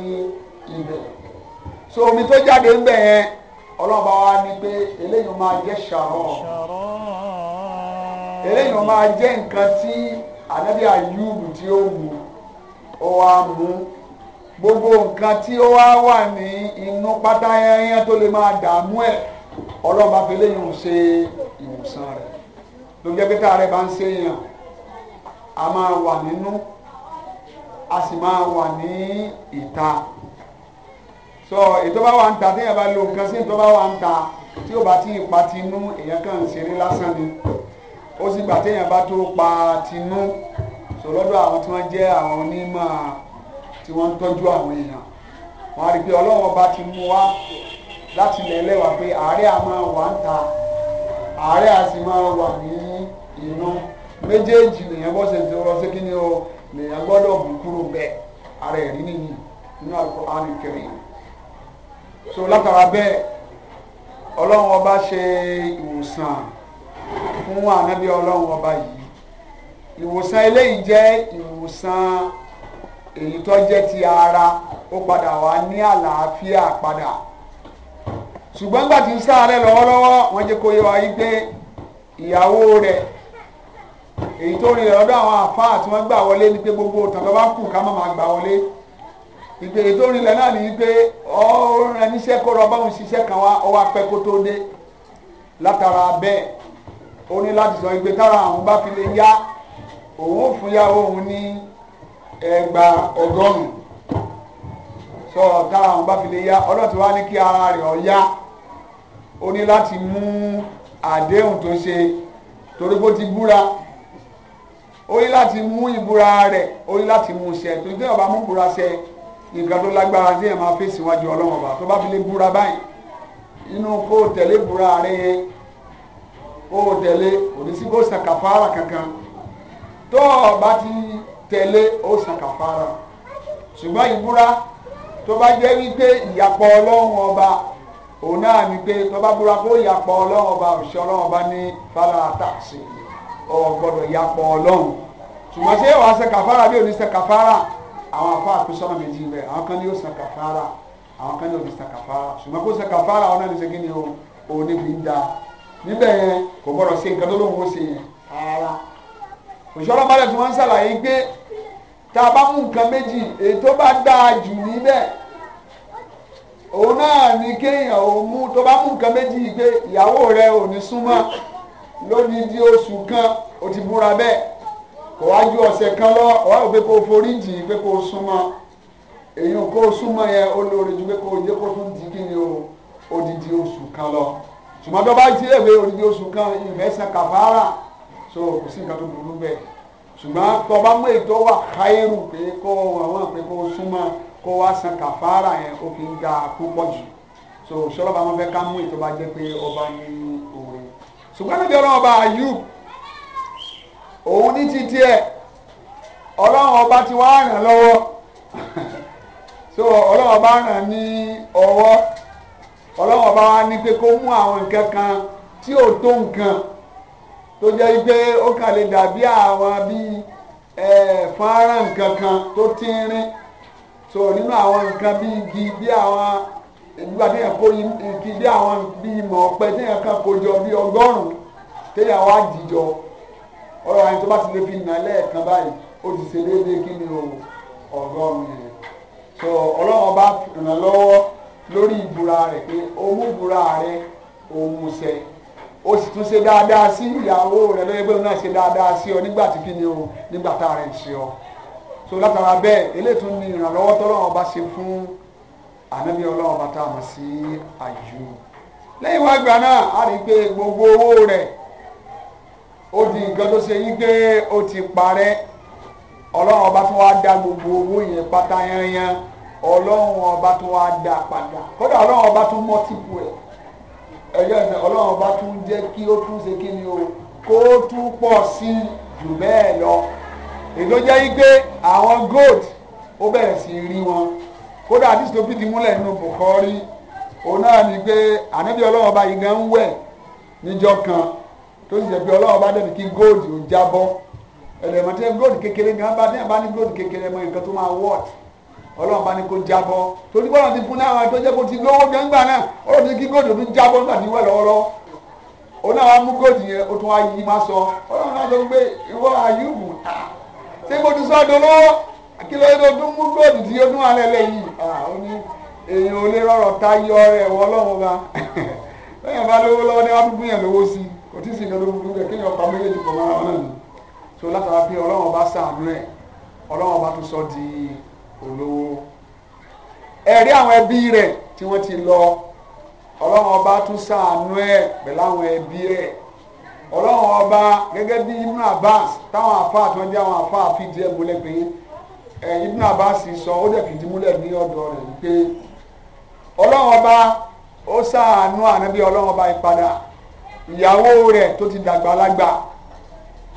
ibẹ̀ so omi tó jáde ń bẹ̀ yẹn wa ní pé eléyìí máa jẹ́ ṣàrọ̀ eléyìí máa jẹ́ nǹkan tí ànábì Ayúbù tí ó mú ó wá mú gbogbo nǹkan tí ó wá wà ní inú pátá yẹnyẹn tó lè máa dààmú ẹ ọlọ́ba fẹlẹ́ yìí ń ṣe ìwòsàn rẹ̀ ló jẹ́ pé tá bá ń ṣe yàn a máa wà nínú a sì máa wà ní ìta so ètò bá wà ń ta téèyàn bá lo nǹkan sí ètò bá wà ń ta tí ó bá ti pa tinú èèyàn kàn ń ṣeré lásán ni ó sì gbà téèyàn bá tó pa tinú so lọ́dọ̀ àwọn tí wọ́n jẹ́ àwọn onímọ̀ tí wọ́n ń tọ́jú àwọn èèyàn wọ́n á rí i pé ọlọ́run ọba ti mú wá láti ilẹ̀ ẹlẹ́wà pé àárẹ̀ a máa wà ń ta àárẹ̀ a sì máa wà ní inú méjèèjì lèèyàn bọ́ ṣe ti rọ sí kí ni o lèèyàn gbọ́dọ̀ mú kúrò bẹ́ẹ̀ ara ẹ̀rí nìyí nínú Al-Qur'ani so látara bẹ́ẹ̀ ọlọ́run ọba ṣe ìwòsàn fún ànábì ọlọ́run ọba yìí ìwòsàn eléyìí jẹ́ ìwòsàn èyí tó jẹ́ ti ara ó padà wá ní àlàáfíà padà ṣùgbọ́n nígbà tí ń sáré lọ́wọ́lọ́wọ́ wọ́n jẹ́ kó yẹ wá yí pé ìyàwó rẹ̀ èyí tó rìn lọ́dọ̀ àwọn àfáà tí wọ́n gbà wọlé ni pé gbogbo òtàn tó bá kù ká má máa gbà wọlé ìpè èyí tó rìn lọ náà ni pé ọ̀rọ̀ ẹniṣẹ́ kó rọ báwọn ṣiṣẹ́ kan wá ọwọ́ apẹ́ kó tó dé látara bẹ́ẹ̀ ó ní láti sọ ìgbé tára àwọn bá fi lè yá òun ò fún yàwó òun ní ẹgbàá ọgọ́rùn-ún sọ tára àwọn bá fi lè yá ọlọ́run ti wá ní kí ara rẹ̀ ó ó ní láti mú àdéhùn tó ṣe torí bó ti búra ó ní láti mú ìbúra rẹ̀ ó ní láti mú ṣẹ torí bí ọba mú búra ṣẹ nǹkan tó lágbára tí èèyàn máa fèsì wájú ọlọ́run ọba tó bá fi lè búra báyìí inú kó tẹ̀lé búra rẹ̀ yẹn kó tẹ̀lé kò ní sí kó sàkàfàrà kankan tó o ti tẹ̀lé ó san kàfàrà ṣùgbọ́n ìbúra tó bá jẹ́ wípé ìyàpọ̀ ọlọ́run ọba òun náà ni pé tó bá búra kó ìyàpọ̀ ọlọ́run ọba òṣìṣẹ́ ọlọ́run ọba ní fara taxi ọ̀ gbọ́dọ̀ ìyàpọ̀ ọlọ́run ṣùgbọ́n ṣé wàá san kàfàrà bí òní san kàfàrà àwọn afá àpèsọ́nà méjì rẹ̀ àwọn kan ní yóò san kàfàrà àwọn kan ní òní san kàfàrà ṣùgbọ́n kó san kàfàrà àwọn náà kí ni o òun ní fi ń da níbẹ̀ yẹn kò gbọ́dọ̀ ṣe nǹkan tó lóun ó ṣe yẹn rárá òṣìṣẹ́ ọlọ́run bá dẹ̀ tí wọ́n ń ṣàlàyé pé tá a bá mú nǹkan méjì èyí tó bá dáa jù níbẹ̀ òun náà ni kéèyàn ò mú tó bá mú nǹkan méjì pé ìyàwó rẹ ò ní súnmọ́ lónìí di oṣù kan ó ti búra bẹ́ẹ̀ kò wá ju ọ̀sẹ̀ kan lọ ọ̀wá ò pé kó forí jì pé kó súnmọ́ èyí kó súnmọ́ yẹn ó ju pé kó jẹ́ kó tún di kí ni o odidi oṣù kan lọ ṣùgbọ́n tó bá ti èwe odidi oṣù kan ìfẹ́ san so kò sí nǹkan tó burú bẹ́ẹ̀ ṣùgbọ́n tọba mú ètò wà káírù pé kó àwọn àpè kó súnmọ́ kó wá san kàfàrà yẹn ó fi ń ga púpọ̀ jù so sọlọ́ba wọn fẹ́ ká mú ètò bá jẹ́ pé ọba ní òwe ṣùgbọ́n níbi ọlọ́run ọba Ayub òun ní ti tiẹ̀ ọlọ́run ọba ti wá ràn lọ́wọ́ so ọlọ́run ọba ràn ní ọwọ́ ọlọ́run ọba ní pé kó mú àwọn nǹkan kan tí ò tó nǹkan tó jẹ́ pé ó kàn lè dàbí àwọn bíi fọ́nrán nǹkan tó tínrín so nínú àwọn nǹkan bíi igi bíi àwọn ìgbà tí yẹn kó igi bíi àwọn bíi mọ̀ ọ̀pẹ tí yẹn kàn kó jọ bíi ọgọ́rùn-ún téèyàn wá dìjọ ọ̀rọ̀ àyìn tó bá ti lè fi nà lẹ́ẹ̀kan báyìí ó ti ṣe déédéé kí ni o ọgọ́rùn-ún yẹn so ọlọ́run bá ràn lọ́wọ́ lórí ìbúra rẹ̀ pé owó ìbúra rẹ̀ òun ṣe ó sì tún ṣe dáadáa sí ìyàwó rẹ lóye pé òun náà ṣe dáadáa sí ọ nígbà tí kíni o nígbà tá a rẹ̀ ṣe ọ so látara bẹ́ẹ̀ eléyìí tún ní ìrànlọ́wọ́ tọ́lọ́wọ́n bá ṣe fún ànábì ọlọ́wọ́n bá tá a mọ̀ sí àyù lẹ́yìn wá gbà náà a rí i pé gbogbo owó rẹ̀ ó di nǹkan tó ṣe yí pé ó ti parẹ́ ọlọ́run ọba tó wá dá gbogbo owó yẹn pátá yanyan ọlọ́run ọba tó wá dá padà kódà ọlọ́run ọba tó mọ́tìpù ẹ̀ ẹjọ́ ìfẹ́ ọlọ́run bá tún jẹ́ kí ó tún ṣe kí ni o kó tún pọ̀ sí jù bẹ́ẹ̀ lọ èdè jẹ́ wípé àwọn gold ó bẹ̀rẹ̀ sí rí wọn kódà àdìsí tó fìdí nínú Bukhari òun náà ni pé ànábì ọlọ́run bá yìí gan ń wẹ̀ níjọ́ kan tó sì jẹ́ pé ọlọ́run bá dẹ̀bi kí gold ò jábọ́ ẹ̀rọ ìmọ̀tẹ́ kékeré gan bá ní gold kékeré mọ nǹkan tó máa wọ́ọ̀tì ọlọ́run bá ní kó jábọ́ torí bọ́lá ti fún náà tó jẹ́ kó ti lówó náà ọlọ́run ti kí góòdù mi jábọ́ nígbà tí náà mú góòdù yẹn o tún wá yí sọ ọlọ́run náà sọ pé ìwọ ta sọ lọ́wọ́ tún mú góòdù tí tún wà lẹ́lẹ́ yìí ó ní èèyàn ò lè rọrọ̀ ta ọlọ́run olówó ẹ̀rí àwọn ẹbí rẹ̀ tí wọ́n ti lọ ọlọ́run ọba tún ṣàánú ẹ̀ pẹ̀lú àwọn ẹbí ẹ̀ ọlọ́run ọba gẹ́gẹ́ bí Ibn Abbas táwọn afa àti wọn jẹ́ àwọn afa àfìdí múlẹ̀ pé sọ ó fìdí ní wípé ọba ó ọba ìyàwó tó ti dàgbà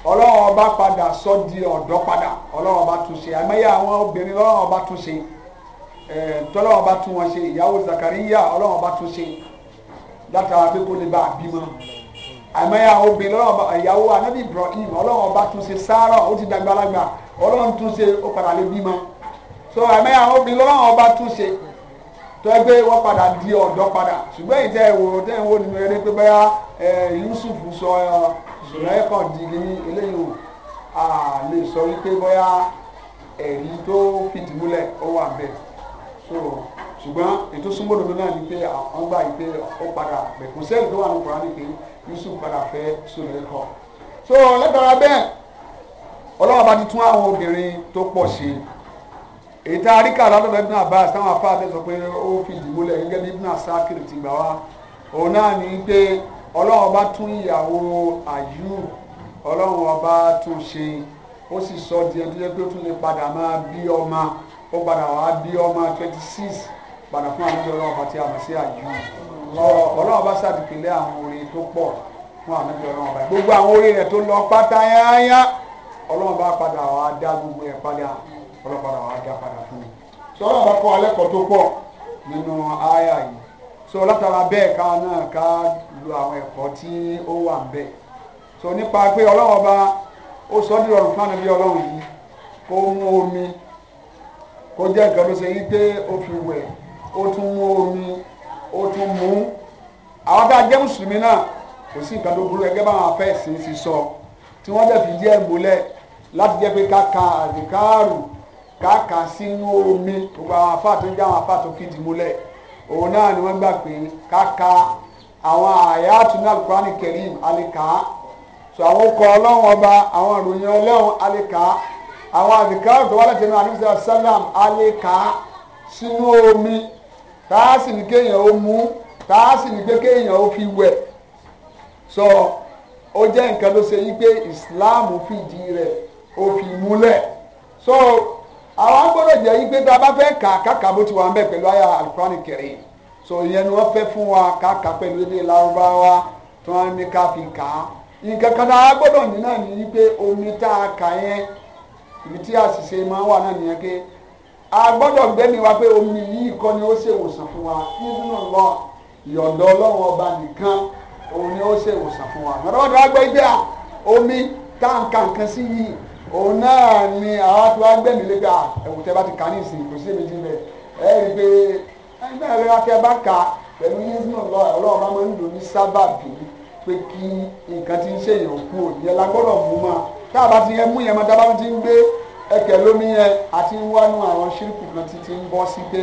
ọlọ́run ọba padà sọ di ọ̀dọ́ padà ọlọ́run ọba tún ṣe àmọ́yé àwọn obìnrin ọlọ́run ọba tún ṣe tọ́lọ́run ọba tún wọn ṣe ìyàwó Zakariya ọlọ́run ọba tún ṣe látara pé kó lè bá a bímọ àmọ́yé àwọn obìnrin ọlọ́run ọba ìyàwó anabi Ibrahim ọlọ́run ọba tún ṣe Sáárà ó ti dàgbà lágbà ọlọ́run tún ṣe ó padà lè bímọ so àmọ́yé àwọn obìnrin ọlọ́run ọba tún ṣe tọ́gbẹ́ wọ́n padà di ọ̀dọ́ padà ṣùgbọ́n ìtẹ́ ìwòrán tẹ́ ìwò nínú eré Yusuf sọ ṣùgbọ́n ẹ kàn di ní eléyìí a lè sọ wípé bóyá ẹ̀rí tó fìdí múlẹ̀ ó wà bẹ́ẹ̀ so ṣùgbọ́n ètò súnmọ́dọ̀dọ̀ náà ni pé àwọn gbà yìí pé ó padà bẹ̀kún sẹ́ẹ̀lì tó wà ní Kùránì pé Yusuf padà fẹ́ Sùlẹ́kọ̀ so lẹ́tọ̀ọ́ra bẹ́ẹ̀ Ọlọ́run bá ti tún àwọn obìnrin tó pọ̀ ṣe èyí tá a rí kàrá lọ́dọ̀ ibùdó àbá àtàwọn afáàbẹ̀ sọ pé ó fìdí múlẹ̀ gẹ́gẹ́ bí ibùdó àsákìrì ti gbà wá òun náà ní pé ọlọ́run ọba tún ìyàwó Ayub ọlọ́run ọba tún ṣe ó sì sọ di ẹni tó yẹ pé ó tún lè padà máa bí ọmọ ó padà wá bí ọmọ twenty six padà fún àwọn ọlọ́run ọba tí a mọ̀ sí Ayub ọlọ́run ọba ṣàdìpínlẹ̀ àwọn orin tó pọ̀ fún àwọn ọlọ́run ọba gbogbo àwọn orin rẹ̀ tó lọ pátá yáyá ọlọ́run bá padà wá dá gbogbo ẹ̀ padà ọlọ́run padà wá dá padà fún mi sọ ọlọ́run kọ́ alẹ́kọ̀ọ́ tó pọ̀ nínú ááyà yìí so látara bẹ́ẹ̀ ká náà ká lo àwọn ẹ̀kọ́ tí ó wà ń so nípa pé ọlọ́run ọba ó sọ ní ìrọ̀rùn fún ànábì ọlọ́run yìí kó mú omi kó jẹ́ nǹkan tó ṣe yí pé ó fi wẹ̀ ó tún mú omi ó tún mú àwọn tá a jẹ́ mùsùlùmí náà kò sí nǹkan tó burú ẹgẹ́ báwọn afẹ́sìn ti sọ tí wọ́n dẹ̀ jẹ́ ìmúlẹ̀ láti jẹ́ pé káka àdìkáàrù káka sínú omi gbogbo àwọn afá tó jẹ́ àwọn afá tó fìdí múlẹ̀ òun náà ni wọ́n gbà pé káka àwọn alika so àwọn okọ̀ ọba àwọn ìròyìn alika àwọn àdìkà tó wà láti ẹnu alika sínú omi táà ní kéèyàn ó mú táà ní pé kéèyàn ó fi wẹ̀ so ó jẹ́ nǹkan ló ṣe yí Islam fìdí rẹ̀ ó fi múlẹ̀ àwa gbọ́dọ̀ jẹ́ yí pé tá a bá fẹ́ kà káka bó ti wà ń bẹ̀ pẹ̀lú àyà alukurani kẹrin so ìyẹn wa káka pẹ̀lú ilé tí ní ká fi kà á nǹkan kan náà omi tá a kà yẹn ibi tí àṣìṣe máa wà náà nìyẹn pé a wa pé omi yìí ni ó ṣe ìwòsàn fún wa nínú lọ ìyọ̀dọ̀ Ọlọ́run ọba nìkan òun ni ó ṣe ìwòsàn fún wa omi òun náà ni àwọn tó wá gbẹ̀mí lé pé ẹ̀wù tẹ́ bá ti kà ní ìsìn kò sí èmi jí bẹ́ẹ̀ ẹ̀ rí i pé ẹgbẹ́ rẹ wá kẹ́ bá kà pẹ̀lú yéésù náà ọlọ́run bá máa ń lò ní sábàbí pé kí nǹkan ti ń ṣèyàn kú òní ẹ̀ la mú mọ́ tá a bá ti yẹ mú yẹn mọ́ dábàá ti ń gbé ẹkẹ lómi yẹn àti ń wánú àwọn ṣírìkù kan ti ti ń bọ́ sí pé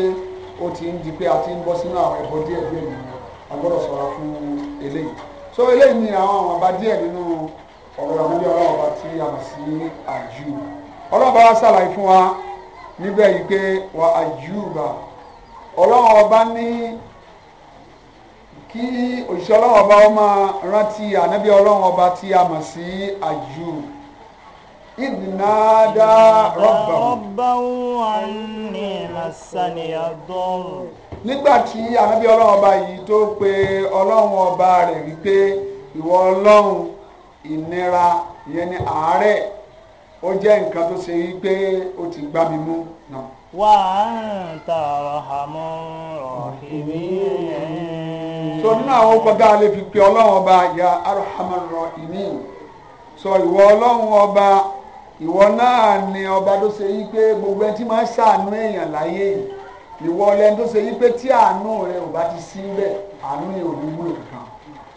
ó ti ń di pé a ti ń bọ́ sínú àwọn ẹ̀bọ díẹ̀ díẹ̀ nìyẹn a gbọ́dọ̀ ṣọ́ra fún eléyìí so eléyìí ni àwọn àwọn àbá díẹ̀ nínú ọ̀rọ̀ ànábì ọlọ́ọ̀ba tí a mọ̀ sí àjù ọlọ́ọ̀ba wa ṣàlàyé fún wa níbẹ̀ yìí pé wà àjùbà ọlọ́ọ̀ba ní kí òṣìṣẹ́ ọlọ́ọ̀ba ó máa rántí ànábì ọlọ́ọ̀ba tí a mọ̀ sí àjù ìdìnnádá rọ́bàwù àní màsàníyàdọ́n. nígbà tí ànábì ọlọ́ọ̀ba yìí tó pe ọlọ́run ọba rẹ̀ wípé ìwọ ọlọ́run ìnira ìyẹn ni àárẹ̀ ó jẹ́ nǹkan tó ṣe yí pé ó ti gbá mi mú náà. wà á ń ta àhámọ́ ọ̀hìnmí. so nínú àwọn ọkọ̀ dáa lè fi pe ọlọ́run ọba ya arhamar rahimin so ìwọ ọlọ́run ọba ìwọ náà ni ọba tó ṣe yí pé gbogbo ẹni tí máa ń ṣàánú èèyàn láyé ìwọ ọlẹ́ni tó ṣe yí pé tí àánú rẹ ò bá ti sí bẹ́ẹ̀ àánú yẹn ò ní wúlò kankan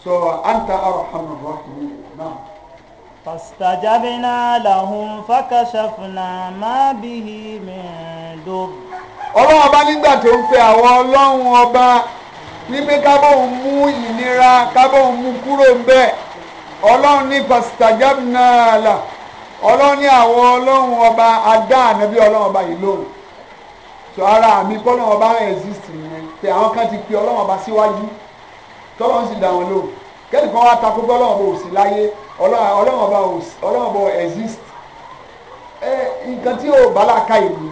so anta arhamur rahimin náà. fastajabna lahum fakashafna ma bihi min dub. ọlọ́run ọba nígbà tó ń pe àwọn ọlọ́run ọba wípé kábọ̀n mú ìnira kábọ̀n mú kúrò ń bẹ́ẹ̀ ọlọ́run ní fastajabna la ọlọ́run ní àwọn ọlọ́run ọba adá ànábí ọlọ́run ọba yìí lóhùn so ara mi kọ́ ọlọ́run ọba exist nìyẹn pé àwọn kan ti pe ọlọ́run ọba síwájú. Si tọ́lọ́run sì dá wọn lò kẹ́nìkan wá takò pé ọlọ́run bò sí láyé ọlọ́run bò exist ẹ nǹkan tí yóò bá láka ìlú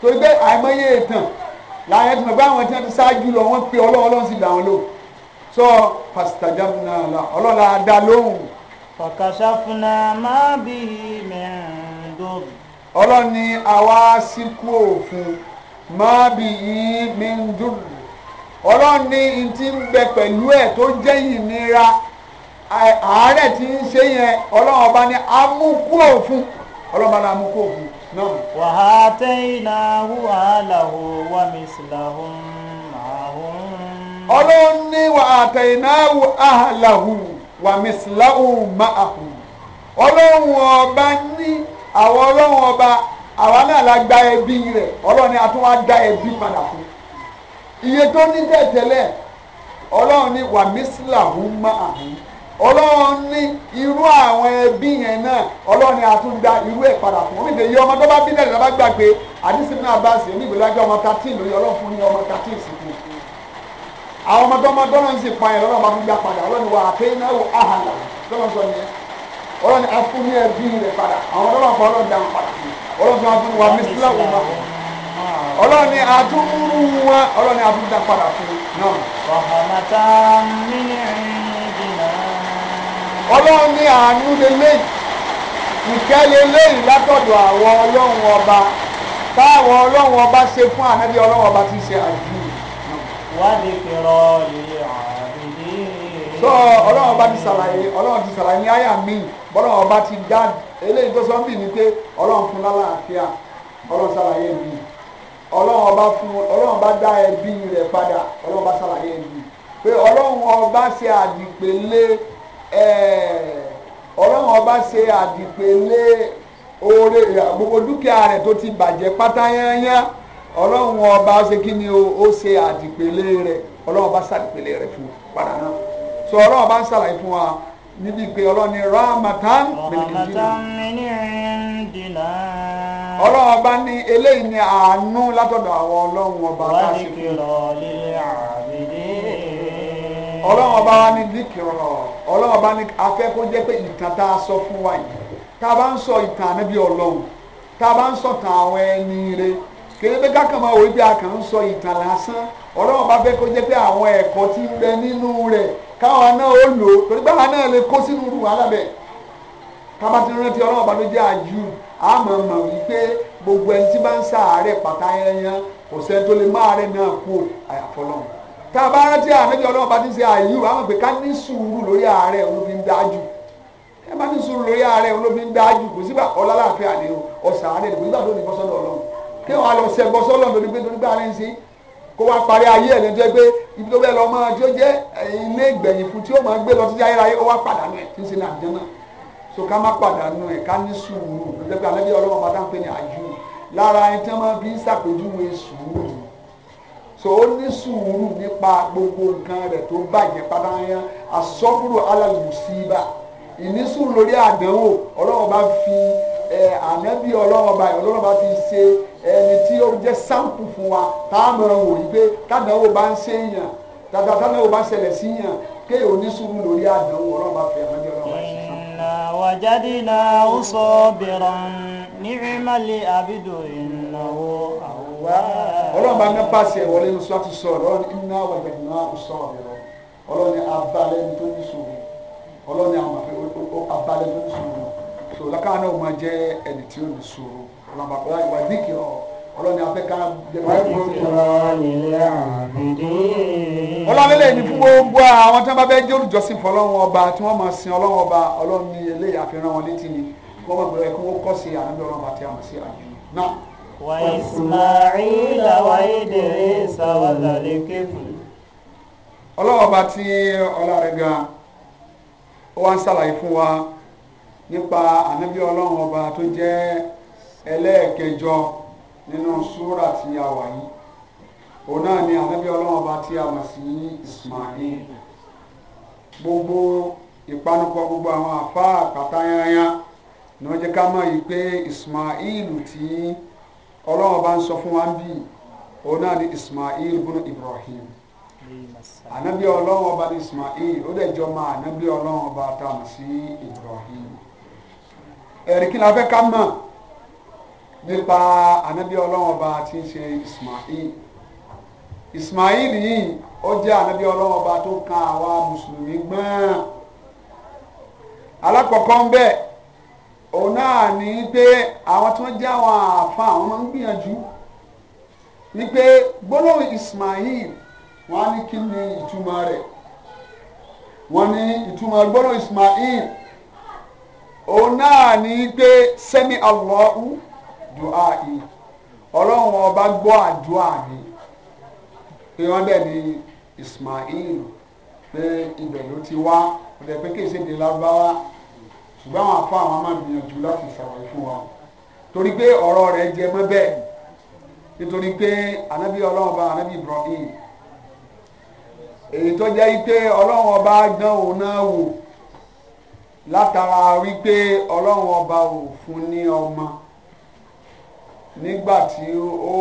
torí pé àìmọye ìtàn làwọn ẹtùmọ̀ pé àwọn tí wọ́n ti ṣáájú lọ wọ́n pe ọlọ́run ọlọ́run sì dá wọn lò sọ pásítà jáfúnà ọlọ́run àdá lóhùn. fàkàṣàfúnà má bí mẹ́ẹ̀ẹ́dọ́n. ọlọ́run ni àwa síkú òfin má ọlọ́run ní n ti ń bẹ pẹ̀lú ẹ̀ tó jẹ́ ìnira tí ṣe yẹn ọlọ́run ọba ní amúkú òfun ọlọ́run ọba ní amúkú náà. wàhátẹ́yìnà wàhálàhó wàmísìláhó màáhó. ọlọ́run ní ọba ní àwọn ọlọ́run ọba àwa gba ẹbí rẹ̀ ọlọ́run ni a iye tó ní tẹ̀tẹ̀lẹ̀ ọlọ́run ní wàmísílà ń má àhún ọlọ́run ní irú àwọn ẹbí yẹn náà ọlọ́run ní àtúndá irú ẹ̀ padà fún omi ìdèyí ọmọ tó bá bí lẹ́yìn lọ́ba gbàgbé àdísìmí náà bá sí onígbèlájọ ọmọ thirteen lórí ọlọ́run fún ní ọmọ thirteen sí fún àwọn ọmọ tọ́mọ tọ́lọ́ ń sì pa yẹn lọ́wọ́ bá fún gbà padà ọlọ́run wà á pé náà wò áhàlà lọ́wọ́ sọ yẹn ọlọ́run á fún ní ẹbí rẹ̀ padà àwọn ọlọ́run pa ọlọ́run dáhùn padà ọlọ́run tó wà fún wa mí ọlọ́ni adúrú wọn ọlọ́ni adúrú dá padà fún náà. ọ̀hánàtà mìíràn jìnnà. ọlọ́ni àánú lélẹ́yìí ìkẹ́ lélẹ́yìí látọ̀dọ̀ àwọn ọlọ́run ọba táwọn ọlọ́run ọba ṣe fún ànábì ọlọ́run ọba ti ṣe àjú. wádìí kìrọ ìyè àbìdí. sọ ọlọ́run ọba ti ṣàlàyé ọlọ́run ti ṣàlàyé àyà míì bọ́lọ́run ọba ti dá eléyìí tó sọ ń bì ní pé ọlọ́run fún lálàáfíà ọlọ́run ṣàlàyé míì ọlọ́run ọba fún ọlọ́run bá dá ẹbí rẹ̀ padà ọlọ́run bá ṣàlàyé ẹbí pé ọlọ́run ọba ṣe àdìpẹ̀lẹ̀ ọlọ́run ọba ṣe àdìpẹ̀lẹ̀ oore gbogbo dúkìá rẹ̀ tó ti bàjẹ́ pátá yányán ọlọ́run ọba ṣe kí ni ó ṣe àdìpẹ̀lẹ̀ rẹ̀ ọlọ́run ọba ṣàdìpẹ̀lẹ̀ rẹ̀ fún padà náà sọ ọlọ́run ọba ń ṣàlàyé fún wa níbi ìpè ọlọ́ni rahmatan minindina ọlọ́run ọba ní eléyìí ni àánú látọ̀dọ̀ àwọn ọlọ́run ọba káṣíkì ọlọ́run ọba wa ní dìkìrọ̀ ọlọ́run ọba ní afẹ́ kó jẹ́ pé ìtàn tá a sọ fún wa yìí tá a bá ń sọ ìtàn ànábì ọlọ́run tá a bá ń sọ tàn àwọn ẹni rẹ̀ kéde kákan máa wò ó bí a kàn ń sọ ìtàn lásán ọlọ́run ọba fẹ́ kó jẹ́ pé àwọn ẹ̀kọ́ tí ń bẹ nínú rẹ̀ káwọn náà ó lò ó torí báwa náà lè kó sínú irú wàhálà bẹ́ẹ̀ kábà ti rántí ọlọ́run ọba tó jẹ́ àjù àmọ́ mọ̀ wípé gbogbo ẹni tí bá ń sàárẹ̀ pàtà yẹnyẹn kò sẹ́ni tó lè máa rẹ̀ náà kú àyàfọ́lọ́run tá a bá rántí àmẹ́jọ ọlọ́run ọba ti ṣe àyù àwọn pé ká ní sùúrù lórí àárẹ̀ olófin dájú ẹ bá ní sùúrù lórí àárẹ̀ olófin dájú kò sígbà ọlọ́láàfẹ́ àlẹ́ ọ̀sàárẹ̀ kò sígbà tó ní bọ́sọ́dọ̀ kó wá parí ayé ẹ̀ lẹ́jọ́ pé ibi tó bẹ́ẹ̀ lọ máa tí ó jẹ́ ilé ìgbẹ̀yìn fún tí ó máa gbé lọ títí ayérayé ó wá pàdánù ẹ̀ tí ń ṣe ní àjẹ́nà so ká má pàdánù ẹ̀ ká ní sùúrù lọ́jọ́ pé alẹ́ bí ọlọ́wọ́ bàtà ń pè ní àjù lára ẹni tí wọ́n máa fi ń ṣàpèjúwe sùúrù so ó ní sùúrù nípa gbogbo nǹkan rẹ̀ tó bàjẹ́ pátá yẹn asọ́kúrò alàlùsíbà ìnísùn lórí àdánwò ọlọ́run bá fi ànábì ọlọ́run bá ọlọ́run bá fi ṣe ẹni tí ó jẹ́ sáǹpù fún wa táàmù ẹ̀rọ wò yí pé tádánwò bá ń ṣe yàn tàbí tádánwò bá ṣẹlẹ̀ sí yàn kéèyàn onísùn lórí àdánwò ọlọ́run bá fi ànábì ọlọ́run bá ṣe sáǹpù. وجدناه صابرا نعم العبد إنه أواب ní pàṣẹ ìwọlé ní sọ́ọ́tù sọ̀rọ̀ ọlọ́run iná wẹ̀gbẹ̀ náà ọlọ́run ọlọ́run abalẹ̀ ló sùúrù so lákàá náà máa jẹ́ ẹni tí ó ní sùúrù ọlọ́mọ àpẹẹrẹ ìwà níkì ọ ọlọ́ni afẹ́ká jẹ́pọ̀ ọlọ́lẹ́lẹ̀ ní fún gbogbo àwọn tí wọ́n bá bẹ́ẹ́ jẹ́ olùjọ́sìn fún ọlọ́run ọba tí wọ́n máa sin ọlọ́run ọba ọlọ́run ní eléyìí àfihàn wọn létí ni wọ́n máa gbẹ̀rẹ̀ kí wọ́n kọ́ sí ànábì ọlọ́run àti àmọ̀ sí àyè náà. wà Ismail wà Idris wà lálẹ́ kébù. ọlọ́run ọba tí ọlá rẹ̀ gan-an. ó wá ń ṣàlàyé fún wa nípa ànábì ọlọ́run ọba tó jẹ́ ẹlẹ́ẹ̀kẹjọ nínú súrà tí a wà yìí òun náà ni ànábì ọlọ́run ọba tí a mọ̀ Ismail gbogbo ìpanupọ̀ gbogbo àwọn àfáà pàtàyàyà ni wọ́n jẹ́ ká mọ̀ yìí pé Ismail tí ọlọ́run ọba ń sọ fún wa ń bì òun ni Ismail Ibrahim. ànábì ọlọ́run ọba ní Ismail ó dẹ̀ jọ máa ànábì ọlọ́run ọba tá a mọ̀ sí Ibrahim ẹ̀rí kí la fẹ́ ká mọ̀ nípa ànábì ọlọ́run ọba tí ń ṣe Ismail Ismail yìí ó jẹ́ ànábì ọlọ́run ọba tó kan àwa mùsùlùmí gbọ́n alákọ̀ọ́kọ́ ń bẹ òun náà ní pé àwọn tó ń jẹ́ àwọn àfa àwọn máa ń gbìyànjú ní pé gbólóhùn Ismail wọ́n á ní kí ni ìtumọ̀ rẹ̀ wọ́n ní ìtumọ̀ gbọ́dọ̀ Ismail òun náà ní pé sẹ́mi Allahu dùá yìí ọlọ́run ọba gbọ́ àdúrà mi pé wọ́n dẹ̀ ní Ismail pé ibẹ̀ ló ti wá kò dẹ̀ pé kì í ṣe èdè Lárúbáwá ṣùgbọ́n àwọn afọ àwọn máa ń gbìyànjú láti ṣàlàyé fún wa torí pé ọ̀rọ̀ rẹ̀ jẹ mọ́ bẹ́ẹ̀ nítorí pé ànábì ọlọ́run ọba ànábì Ibrahim èyí tó jẹ́ pé ọlọ́run ọba dán òun náà wò látara wípé ọlọ́run ọba ò fún ní ọmọ nígbà tí ó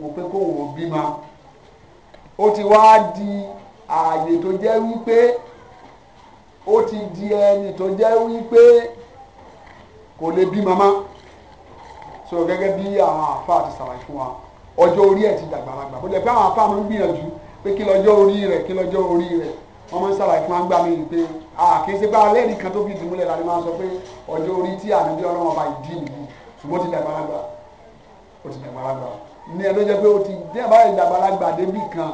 wò pé kò wò bímọ ó ti wá di ààyè tó jẹ́ wípé ó ti di ẹni tó jẹ́ wípé kò lè bí mama so gẹ́gẹ́ bí àwọn àfa àti sàlàyé fún wa ọjọ́ orí ẹ̀ ti dàgbàlagbà kó jẹ́ pé àwọn àfa mi ń gbìyànjú pé kí lọ́jọ́ orí rẹ̀ kí lọ́jọ́ orí rẹ̀ wọ́n máa ń sàlàyé fún agbá mi pé àkíyèsí pé alẹ́ nìkan tó fi dùnmúlẹ̀ la ni máa sọ pé ọjọ́ orí tí ànábì ọlọ́run ọba ìdí nìyí ṣùgbọ́n ti dàgbàlagbà ó ti dàgbàlagbà ní ẹni tó jẹ́ pé ó ti dé àbáyé dàgbàlagbà débì kan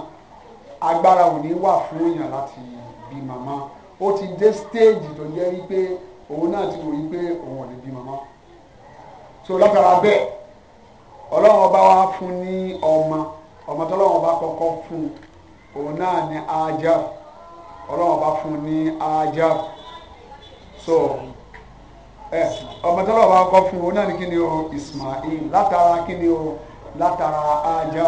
agbára ò ní wà fún èèyàn láti bí màmá ó ti dé stéèjì tó jẹ́ wípé òun náà ti wòye pé òun ò lè bí màmá so látara bẹ́ẹ̀ ọlọ́run ọba wa fún ní ọmọ ọmọ tọ́lọ́run ọba kọ́kọ́ fún un òun náà ni Hajar ọlọ́run ọba fún ní Hajar so ọmọ tọ́lọ́ bá kọ́ fún òun náà ni kí o Ismail látara kí ni o látara aja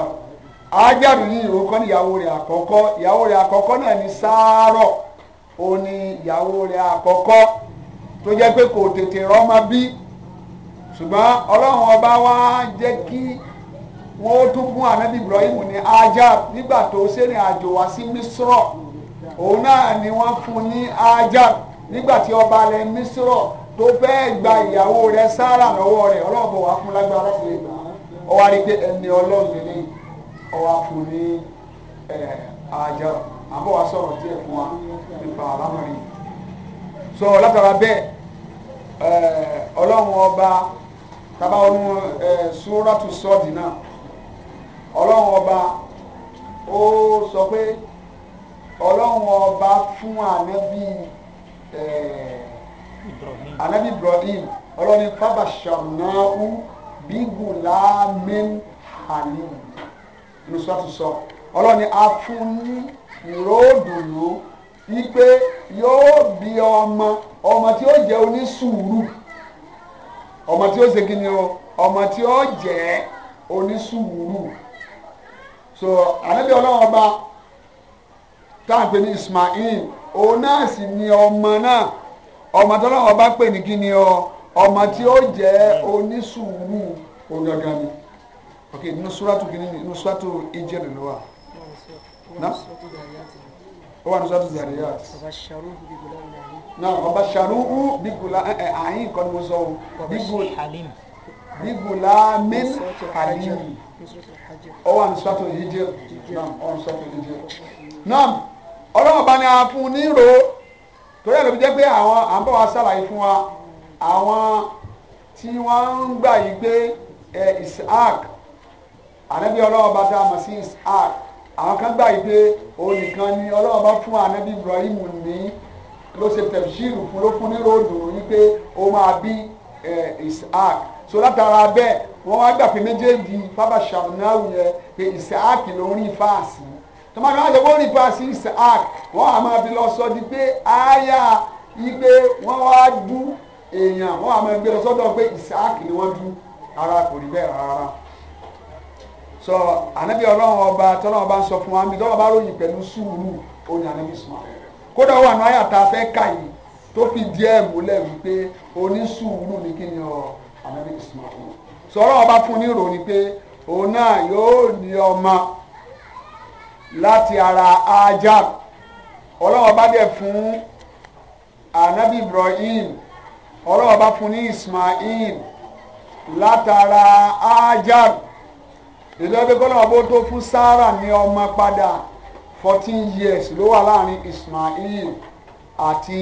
Hajar yìí òun kọ́ ní ìyàwó rẹ̀ àkọ́kọ́ ìyàwó rẹ̀ àkọ́kọ́ náà ni Sárọ̀ òun ni ìyàwó rẹ̀ àkọ́kọ́ tó jẹ́ pé wọn ó tún mú anabi ibrahim ní ajab nígbà tó ṣèrìn àjò wá sí misro òun náà ni wọ́n fún ní ajab nígbà tí ọba alẹ́ misro tó fẹ́ẹ́ gba ìyàwó rẹ̀ sára lọ́wọ́ rẹ̀ ọlọ́ọ̀bọ̀ wá fún lágbára láti gbà ọ wá rí i pé ẹni ọlọ́run lè ní ọ wá fún ní eh, ajab àbọ̀ wá sọ̀rọ̀ díẹ̀ fún wa nípa àlámọ̀rin so látara bẹ́ẹ̀ eh, ọlọ́run ọba tábà ọdún eh, súrátù sọ́ọ̀dì náà ọlọ́run ọba ó sọ pé ọlọ́run ọba fún ànábì ànábì Ibrahim ọlọ́run fábàṣàmùnáhù bígùlámín halim nùsọ́tùsọ ọlọ́run a fún ní ìròdùnú wípé yóò bí ọmọ ọmọ tí ó jẹ́ onísùúrù ọmọ tí ó ṣe ni o ọmọ tí ó jẹ́ onísùúrù so ànábì ọlọ́run ọba ní Ismail òun náà sì ni ọmọ náà ọmọ tó ọlọ́run ọba pè ní kí ọ ọmọ tí ó jẹ́ onísùúrù ni ok kìíní ló wà ó wà ní náà ọba bíbùlá min àlìyí ọwọ́ àmì sọ́tò ìdíje náà ọ̀n sọ́tò ìdíje náà ọlọ́run bá ní a fún un níro torí ẹ̀ ló fi jẹ́ pé àwọn à ń bọ̀ wá sàlàyé fún wa àwọn tí wọ́n ń gbà yí pé ẹ̀ Isaac ànábì ọlọ́run bá tá a mọ̀ sí Isaac àwọn kan gbà yí pé òun ni ọlọ́run fún ànábì Ibrahim ní ló ṣe tẹ̀síìrù fún ló fún ní ròdù yí pé ó máa bí Isaac so látara bẹ́ẹ̀ wọ́n wá gbà pé méjèèjì bàbá sàmúnáwù yẹ pé Isaac ló ń rí fáàsì tọ́mọ́tò wọn àjẹwò rí fáàsì Isaac wọ́n á máa fi lọ sọ di pé àyà ipe wọ́n wá dú èèyàn wọ́n á máa gbé lọ sọ́dọ̀ pé Isaac ni wọ́n dú ara kò rí bẹ́ẹ̀ rárá sọ ànábì ọlọ́run ọba tọ́lọ́run ọba ń sọ fún wa mi tọ́lọ́run ọba ròyìn pẹ̀lú sùúrù ó ní ànábì sùn kódà wà nù àyà tá a fẹ́ kà yìí tó fi díẹ̀ múlẹ̀ wípé onísùúrù ní kí ni ọ̀rọ̀ anabi ismail sọ̀rọ̀ ọba fún ní ìròyìn pé òun náà yóò ní ọmọ láti ara ajar ọlọ́wọ́ bá dẹ̀ fún anabi ibrahim ọlọ́wọ́ bá fún ní ismail látara ajar ìlú ẹgbẹ́ kọ́lọ́wọ́ bó tó fún sarah ní ọmọ padà fourteen years ló wà láàrin ismail àti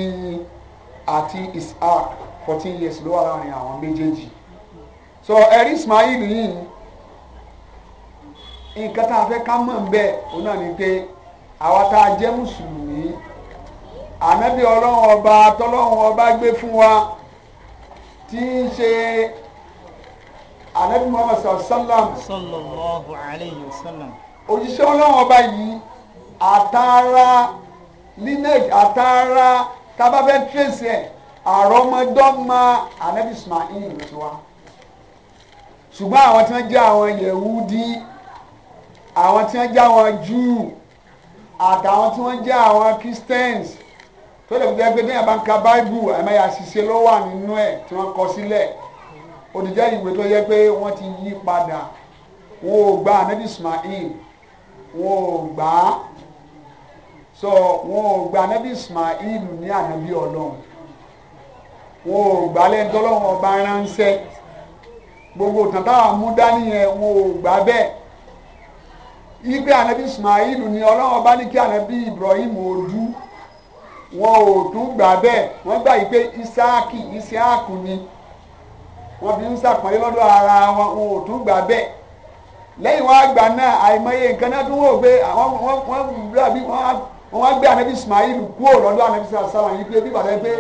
àti ishaq fourteen years ló wà láàrin àwọn méjèèjì so ẹ̀rí Ismail yìí nǹkan tá a fẹ́ ká mọ̀ ń bẹ̀ òun náà ni pé àwa tá a jẹ́ mùsùlùmí ànábì ọlọ́run ọba tọ́lọ́run ọba gbé fún wa tí í ṣe ànábì Muhammad sallam sallallahu alayhi wa sallam òjíṣẹ́ ọlọ́run ọba yìí àtàrà nínú àtàrà tá a bá fẹ́ tẹ̀sí ẹ̀ àrọ́mọdọ́mọ anabi ismail ló ti wá ṣùgbọ́n àwọn tí wọ́n jẹ́ àwọn yẹ̀wúdí àwọn tí wọ́n jẹ́ àwọn júù àtàwọn tí wọ́n jẹ́ àwọn christians tó lè fi jẹ́ pé déyàn bá ń ka bible àmọ́ yà ṣiṣẹ́ ló wà nínú ẹ̀ tí wọ́n kọ sílẹ̀ òdìjẹ́ ìwé tó yẹ pé wọ́n ti yí padà wọn ò gbà anabi ismail wọn ò gbà á so wọn ò gbà anabi ismail ní anabi ọlọ́run wọn ò gbà lẹ́yìn tọ́lọ́wọ́n ọba ránṣẹ́ gbogbo tàn táwọn mú dání yẹn wọn ò gbà bẹ́ẹ̀ ibi ànábì Ismail ni ní kí ànábì Ibrahim ò dú wọn ò tún gbà bẹ́ẹ̀ wọ́n gbà yí pé Isaaki ni wọ́n fi ń sàpọ́nlé lọ́dọ̀ ara wọn wọn ò tún gbà bẹ́ẹ̀ lẹ́yìn wọn àgbà náà àìmọye nǹkan náà tún wò wọ́n wá gbé anabi ismail kúrò lọ́dọ̀ anabi sàlám yìí pé bí bàtà pé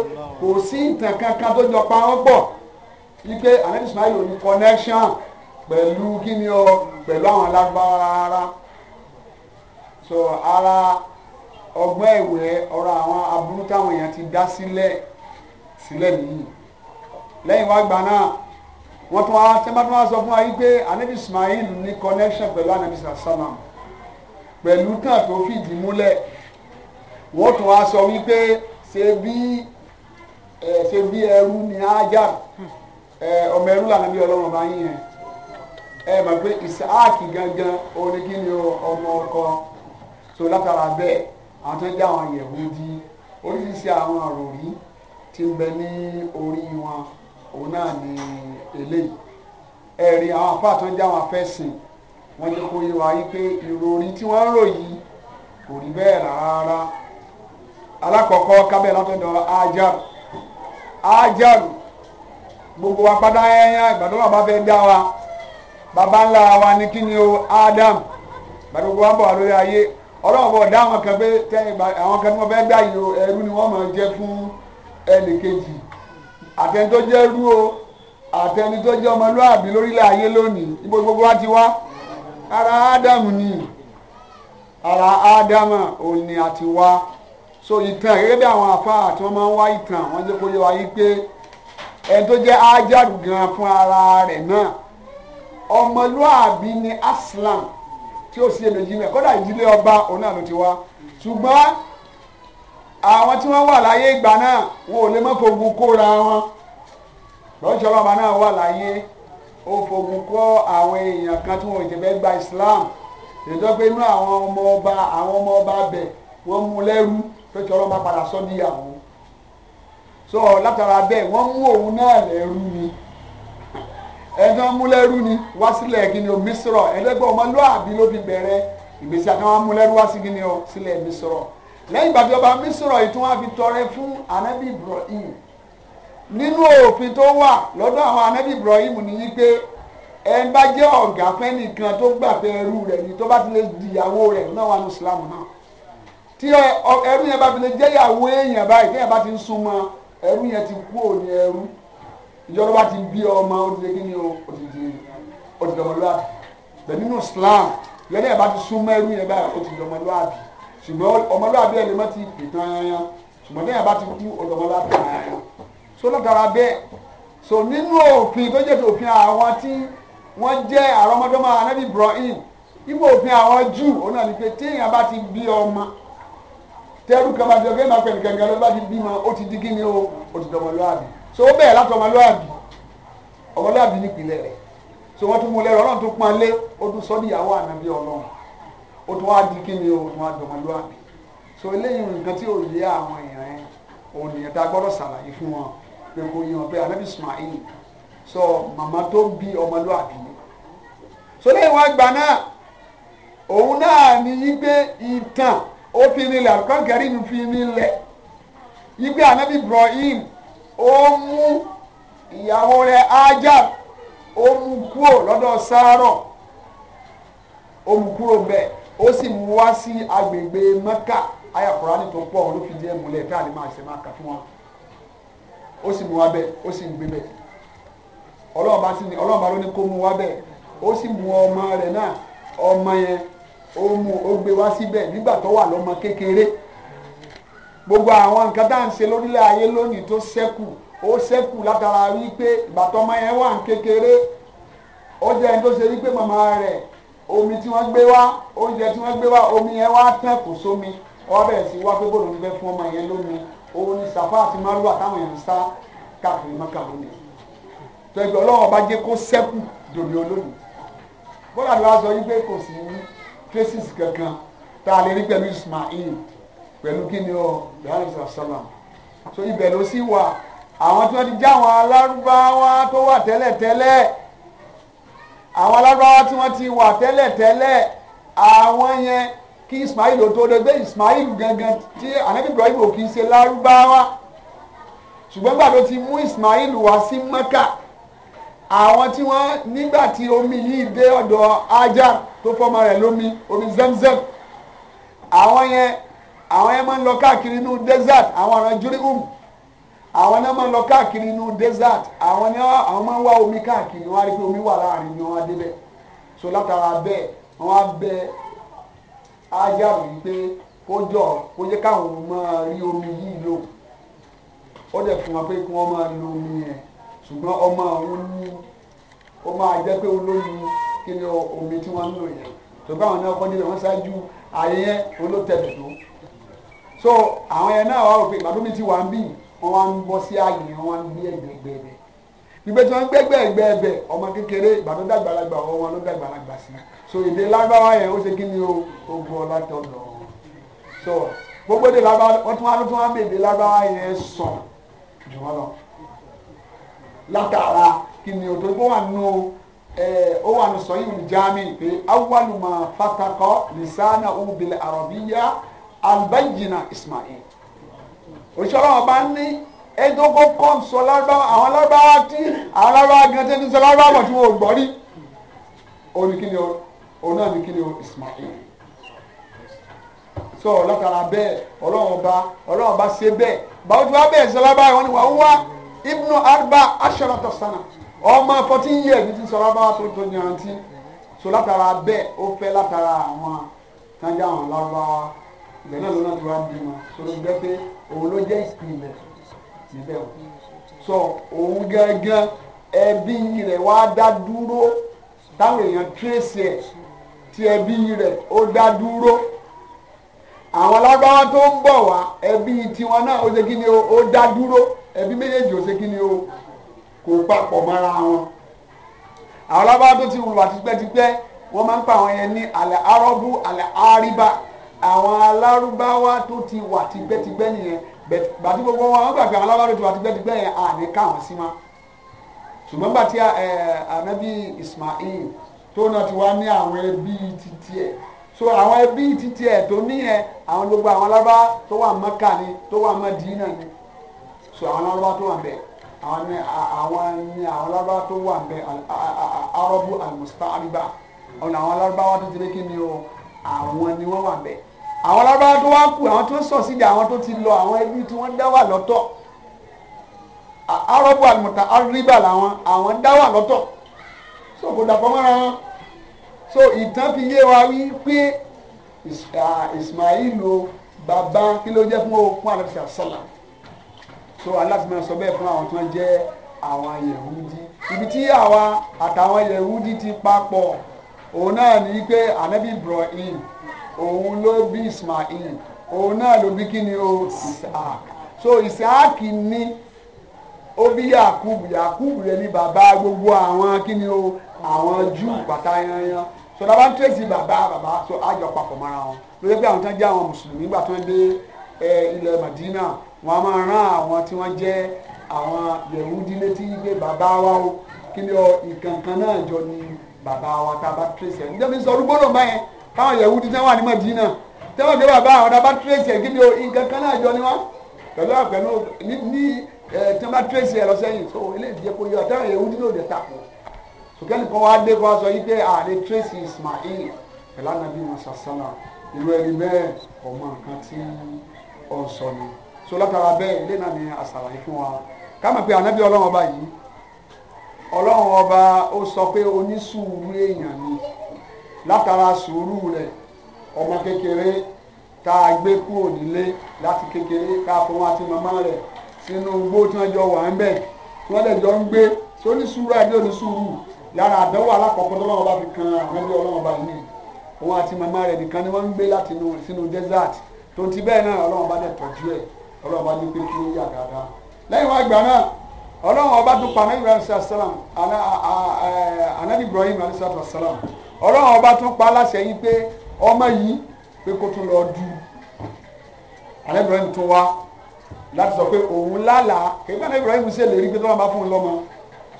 kò sí ìtàn kankan tó jọ pa wọ́n pọ̀ yìí pé anabi ismail ò ní connection pẹ̀lú kíni o pẹ̀lú àwọn alágbára rárá so ara ọgbọ́n ìwé ọ̀rọ̀ àwọn aburú táwọn èèyàn ti dá sílẹ̀ sílẹ̀ nìyí lẹ́yìn wá gbà náà wọ́n tún wá tẹ́mbà tún wá sọ fún wa yìí pé anabi ismail ní connection pẹ̀lú anabi sàlám pẹ̀lú tàn tó fìdí múlẹ̀ wọ́n tún wá sọ wípé ṣe bí ṣe bí ẹrú ni ọmọ ẹrú làwọn ẹbí ọlọ́run bá yín yẹn ẹ mọ̀ pé ìsáàkì gangan oníkíni ọmọ ọkọ tó látara bẹ́ẹ̀ àwọn tó ń dá àwọn yẹ̀wò di oríṣiríṣi àwọn àròrí tí bẹ ní orí wọn òun náà ni eléyìí ẹ̀rí àwọn tó ń dá àwọn afẹ́sìn wọ́n jẹ́ kó yé wa yí pé ìròrí tí wọ́n ń alákọ̀ọ́kọ́ kábẹ́ látọ̀dọ̀ ajar ajar gbogbo wa padà ẹ̀yàn ìgbàdo bàbá fẹ́ dá wa bàbá ńlá wa ní kí o Adam gbàdúgbò wa bọ̀ wá lórí ayé ọlọ́run bọ̀ dá àwọn kan pé tẹ́yìn àwọn kan tí wọ́n fẹ́ dá yìí o ẹrú ni wọ́n máa jẹ́ fún ẹnì kejì àtẹni tó jẹ́ rú o àtẹni tó jẹ́ ọmọlúàbí lórílẹ̀ ayé lónìí ibo gbogbo wa ti wá ara Adam ni ara Adam òun ni a ti so ìtàn gẹ́gẹ́ bí àwọn àfáà tí wọ́n máa ń wá ìtàn wọ́n jẹ́ kó yé wa yí pé ẹni tó jẹ́ ájàdù gan fún ara rẹ̀ náà ọmọlúàbí ni aslam tí ó sì èlò ìjìnlẹ̀ kódà ìdílé ọba òun náà ló ti wá ṣùgbọ́n àwọn tí wọ́n wà láyé ìgbà náà wọn ò lè mọ́ fogun kóra wọn lọ́jọ́ ọlọ́ba náà wà láyé ó fogun kọ́ àwọn èèyàn kan tí wọn ò tẹ̀fẹ́ gba islam ìjọba inú àwọn ọmọ ọba àwọn ọmọ ọba bẹ̀ wọ́n mú lẹ́rú tó ti ọlọ́mọ padà sọ níyàwó so látara bẹ́ẹ̀ wọ́n mú òun náà lẹ́rú ni ẹ̀dán múlẹ́rú ni wá sílẹ̀ kí ni o mísírọ̀ ẹ̀dẹ́gbẹ́ ọmọlúàbí ló fi bẹ̀rẹ̀ ìgbésí àtàwọn múlẹ́rú wá sí kí ni o sílẹ̀ mísírọ̀ lẹ́yìn ìgbà tí ọba mísírọ̀ yìí tí wọ́n á fi tọrẹ fún anabi ibrahim nínú òfin tó wà lọ́dọ̀ àwọn anabi ibrahim nìyí pé ẹ bá jẹ́ ọ̀gá fẹ́nìkan tó gbà pé ẹrú rẹ̀ ni tó bá ti lè dìyàwó rẹ̀ náà wà ní islam náà tí ẹrú yẹn bá fi lè jẹ́ ìyàwó èèyàn báyìí téèyàn bá ti ń súnmọ́ ẹrú yẹn ti kú òní ẹrú ìjọba bá ti bí ọmọ ó ti lè kí ni o ó ti di ó ti dọmọlúwàbí bẹ́ẹ̀ nínú Islam lẹ́nu ẹ̀ bá ti súnmọ́ ẹrú yẹn báyìí ó ti dọmọlúwàbí ṣùgbọ́n ọmọlúwàbí ẹ̀ lè má ti pè tán yányán ṣùgbọ́n lẹ́yìn bá ti kú ọdọmọlúwàbí tán yányán so lọ́kàrà bẹ́ẹ̀ so nínú òfin tó jẹ́ òfin àwọn tí wọ́n jẹ́ àrọ́mọdọ́mọ anábì Ibrahim ibo òfin àwọn Júù òun náà ni pé téèyàn bá ti bí ọmọ tẹ́rù kan bá ti ọgẹ́ máa pẹ̀ nìkan kan ló bá ti bímọ ó ti di kí ni o ó ti dọmọlúwàbí so ó bẹ̀rẹ̀ láti ọmọlúwàbí ọmọlúwàbí nípìnlẹ̀ rẹ̀ so wọ́n tún mú lẹ́rọ ọlọ́run tún pọn lé ó tún sọ́ níyàwó ànábí ọlọ́run ó tún wá di kí o ó tún wá dọmọlúwàbí so eléyìí nǹkan tí ò yé àwọn èèyàn yẹn ònìyàn tá a gbọ́dọ̀ ṣàlàyé fún wọn pé kò yé wọn pé ànábì Ismail sọ màmá tó bí ọmọlúwàbí so lẹ́yìn wá gbà náà òun náà ní yí pé ìtàn o fi nílẹ̀ àlùkọ́n kẹrìm fi nílẹ̀ ibi ànábì Ibrahim ó mú ìyàwó rẹ̀ ájá ó mú kúrò lọ́dọ̀ sáárọ̀ ó mú kúrò bẹ́ẹ̀ ó sì mú wá sí agbègbè Mẹ́kà àyà Kùránì tó pọ̀ ló fi múlẹ̀ a lè máa ṣe máa kà fún wọn ó mú ó gbé wá síbẹ̀ nígbà tó wà lọ́mọ gbogbo àwọn nǹkan tá à ń ṣe lórílẹ̀ ayé lónìí tó ṣẹ́kù ó ṣẹ́kù látara wípé ìgbà tọ́mọ yẹn wà ń kékeré ó jẹ́ ẹni omi tí wọ́n gbé wá oúnjẹ tí wọ́n omi yẹn wá tán kò sómi wọ́n sí wá pé ń fún ọmọ yẹn lómi òun ni sàfà àti márùwà táwọn ń sá káàkiri ọlọ́wọ́ bá jẹ́ kó ṣẹ́kù olónìí traces kankan tá a lè rí pẹ̀lú Ismail pẹ̀lú kíni o ibrahim salam so ibẹ̀ ló sì wà àwọn tí wọ́n ti já àwọn alárúbáwá tó wà tẹ́lẹ̀tẹ́lẹ̀ àwọn alárúbáwá tí wọ́n ti wà tẹ́lẹ̀tẹ́lẹ̀ àwọn yẹn kí Ismail tó dé gbé Ismail gangan tí anabi ibrahim ò kì í ṣe lárúbáwá ṣùgbọ́n gbàdó ti mú Ismail wá sí Mẹ́kà àwọn tí wọ́n nígbà tí omi yìí dé ọ̀dọ̀ ajá tó fọmọ rẹ̀ lómi omi zemzem àwọn yẹn àwọn yẹn máa ń lọ káàkiri inú desert àwọn ọ̀ràn jurihum àwọn náà máa ń lọ káàkiri inú desert àwọn ni àwọn máa ń wá omi káàkiri wọ́n á rí pé omi wà láàrin ni wọ́n á débẹ̀ so látara bẹ́ẹ̀ wọ́n á bẹ ajá rí pé ó jọ ó jẹ́ káwọn máa rí omi yìí lò ó dẹ̀ fún wa pé kí wọ́n máa lo omi yẹn ṣùgbọ́n ọmọ òun ní ó máa jẹ́ pé olóyún kí ni omi tí wọ́n ń lò yẹn ṣùgbọ́n àwọn náà kọ́ níbẹ̀ wọ́n ṣáájú ààyè yẹn olótẹ̀lẹ̀ tó so àwọn yẹn náà wà rò pé ìgbàdún mi ti wà ń bì wọ́n wá ń bọ́ sí ààyè yẹn wọ́n ń gbé ẹ̀gbẹ̀gbẹ̀ bẹ̀ tí wọ́n ń gbẹ́gbẹ́ ẹ̀gbẹ́ ọmọ kékeré ìgbàdún ọmọ ló sí so èdè lágbáwá yẹn ó ṣe kí ni látara kí ni òtò tó wà nù ó wà nù sọyìn olùjámi pé awaluma fatakọ lisana ubile arabiya albayina ismail òṣèlú ọba ní ẹdógó kọ́ ń sọ lárúbáwá àwọn lárúbáwá tí àwọn lárúbáwá gan tẹ́ ní sọ tí wọ́n gbọ́ rí òun o náà ní o ismail sọ látara bẹ́ẹ̀ ọlọ́run ọba ọlọ́run ọba ṣe bẹ́ẹ̀ báwo tí wọ́n bẹ́ẹ̀ sọ lárúbáwá wọn ni wọ́n wá ibnu arba asharata sana ọmọ fourteen years ní ti sọ̀rọ̀ bá tó tó yanrantí so látara bẹ́ẹ̀ ó fẹ́ látara àwọn tájà àwọn lárúbáwá ìgbẹ́ náà ló náà ti wá so sọ̀rọ̀ gbẹ́ pé òun ló jẹ́ ìpìlẹ̀ níbẹ̀ o sọ òun gangan ẹbí rẹ̀ wá dá dúró táwọn èèyàn tírèsì ẹ̀ tí ẹbí rẹ̀ ó dá dúró àwọn lágbáwá tó ń bọ̀ wá ẹbí tiwọn náà ó ṣe kí ni ó dá dúró ẹbí méjèèjì ò ṣe kí ni o kò papọ̀ mọ́ra wọn. àwọn alábáwá tó ti wùwà tipẹ́tipẹ́ wọ́n máa ń pa àwọn yẹn ní alẹ́ arọ́bù alẹ́ àríbá àwọn alárúbáwá tó ti wà tipẹ́tipẹ́ nìyẹn gbàtí gbogbo wọn wọ́n gbàgbé àwọn alábáwá tó ti wà tipẹ́tipẹ́ yẹn àní káwọn sí ma ṣùgbọ́n gbàtí ànábì Ismail tó náà ti wá ní àwọn ẹbí títí ẹ̀ so àwọn ẹbí títí ẹ̀ tó ní yẹn àwọn gbogbo àwọn alábáwá tó wà Mẹ́kà ni tó wà Mẹ́dínà ni so àwọn lárúbá tó wà ń bẹ àwọn ni àwọn ni àwọn lárúbá tó wà ń bẹ arọ́bù almusta'riba ọ̀nà àwọn lárúbá wa tó ti lé kí ni o àwọn ni wọ́n wà ń bẹ àwọn lárúbá tó wá kù àwọn tó sọ síbi àwọn tó ti lọ àwọn ẹbí tí wọ́n dá wà lọ́tọ̀ arọ́bù almuta'riba làwọn àwọn dá wà lọ́tọ̀ so kò dàpọ̀ mọ́ra wọn so ìtàn fi yé wa wí pé uh, Ismail o bàbá kí ló jẹ́ fún o fún àlọ́ sàlám so aláfimọ́ sọ bẹ́ẹ̀ fún àwọn tí wọ́n jẹ́ àwọn yẹ̀húdí ibi tí àwa àtàwọn yẹ̀húdí ti papọ̀ òun náà ní pé anabi in. òun ló bí ismail òun náà ló bí kíni o isaac so isaac ní ó bí yakubu yakubu yẹn ní bàbá gbogbo àwọn kíni o àwọn júù pátá yanyan so dábàá ń tẹ̀sí baba. bàbá so àjọ papọ̀ mọ́ra wọn ló yẹ pé àwọn tán jẹ́ àwọn mùsùlùmí gbà dé ilẹ̀ madina wọ́n á máa rán àwọn tí wọ́n jẹ́ àwọn yẹ̀wúdí létí pé bàbá wa o kí ni ọ ìkànkan náà jọ ni bàbá wa tá a bá tírèsì ẹ̀ níjẹ́ mi sọ orúgbó náà báyẹn káwọn yẹ̀wúdí tí wọ́n wà ní Mọ̀dínà tí wọ́n gbé bàbá àwọn tá a bá tírèsì ẹ̀ kí ni ọ ìkànkan náà jọ ni wọ́n pẹ̀lú àpẹ̀lú ní tí wọ́n bá tírèsì ẹ̀ lọ́sẹ̀yìn so eléyìí jẹ́ kó yọ àtàwọn yẹ̀wúdí náà ò dẹ̀ takò sùkẹ́ni kan wá dé kó wá sọ yìí pé àlè tracy ismail pẹ̀lú anabi musa sálà irú ẹni bẹ́ẹ̀ ọmọ nǹkan tí so látara bẹ́ẹ̀ ilé náà ni àṣàlàyé fún wa ká mọ̀ pé ànábì ọlọ́run ọba yìí ọlọ́run ọba ó sọ pé onísùúrù èèyàn ni látara sùúrù rẹ̀ ọmọ kékeré tá a gbé kúrò nílé láti kékeré ká fún àti màmá rẹ̀ sínú igbó tí wọ́n jọ wà ń bẹ̀ tí wọ́n dẹ̀ jọ ń gbé tí onísùúrù àbí onísùúrù lára àdánwò alákọ̀ọ́kọ́ tó lọ́wọ́ bá fi kan ànábì ọlọ́run ọba yìí òun àti màmá rẹ̀ nìkan ni wọ́n ń gbé láti sínú desert tó ti bẹ́ẹ̀ náà ọlọ́run ọba dẹ̀ tọ́jú ẹ̀ ọlọ́run bá ní pé kí ó yà dáadáa lẹ́yìn wá gbà náà ọlọ́run ọba tún pa anabi ibrahim salam anabi ibrahim salam ọlọ́run ọba tún pa aláṣẹ yìí pé ọmọ yìí pé kó tún lọ du anabi ibrahim tún wá láti sọ pé òun lálàá kébí anabi ibrahim ṣe lè rí pé tọ́lá bá fún un lọ́mọ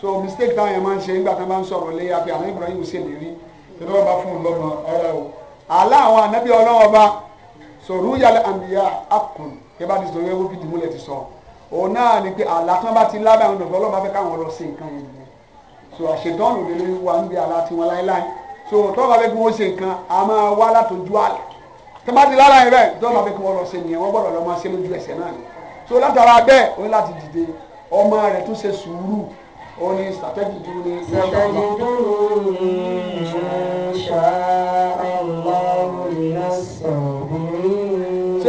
so mistake táwọn yẹn máa ń ṣe nígbà tí wọ́n ń sọ̀rọ̀ léyà pé anabi ibrahim ṣe lè rí pé tọ́lá bá fún un lọ́mọ ọ̀rẹ́ o àlá àwọn anabi ọlọ́run ọba sọ̀rọ̀ yàrá àmì kébà ti sọ wíwẹ́wò fìdí múlẹ̀ ti sọ òun náà ni pé àlá tán bá ti lábẹ́ àwọn ọ̀dọ́ ọlọ́mọ fẹ́ káwọn lọ sí nǹkan yẹn nìyẹn so àṣetán ló lè wà níbi àlá tiwọn láéláé so tó bá fẹ́ kí wọ́n ṣe nǹkan a máa wá látọjú àlá tó bá ti lára yẹn bẹ́ẹ̀ tó bá fẹ́ kí wọ́n lọ ṣe nìyẹn wọ́n gbọ́dọ̀ lọ máa ṣe lójú ẹsẹ̀ náà ni so látara bẹ́ẹ̀ ó ní láti dìde ọmọ rẹ̀ tó ṣe sùúrù ó ní strategy tó ní. ṣàtẹ̀jì tó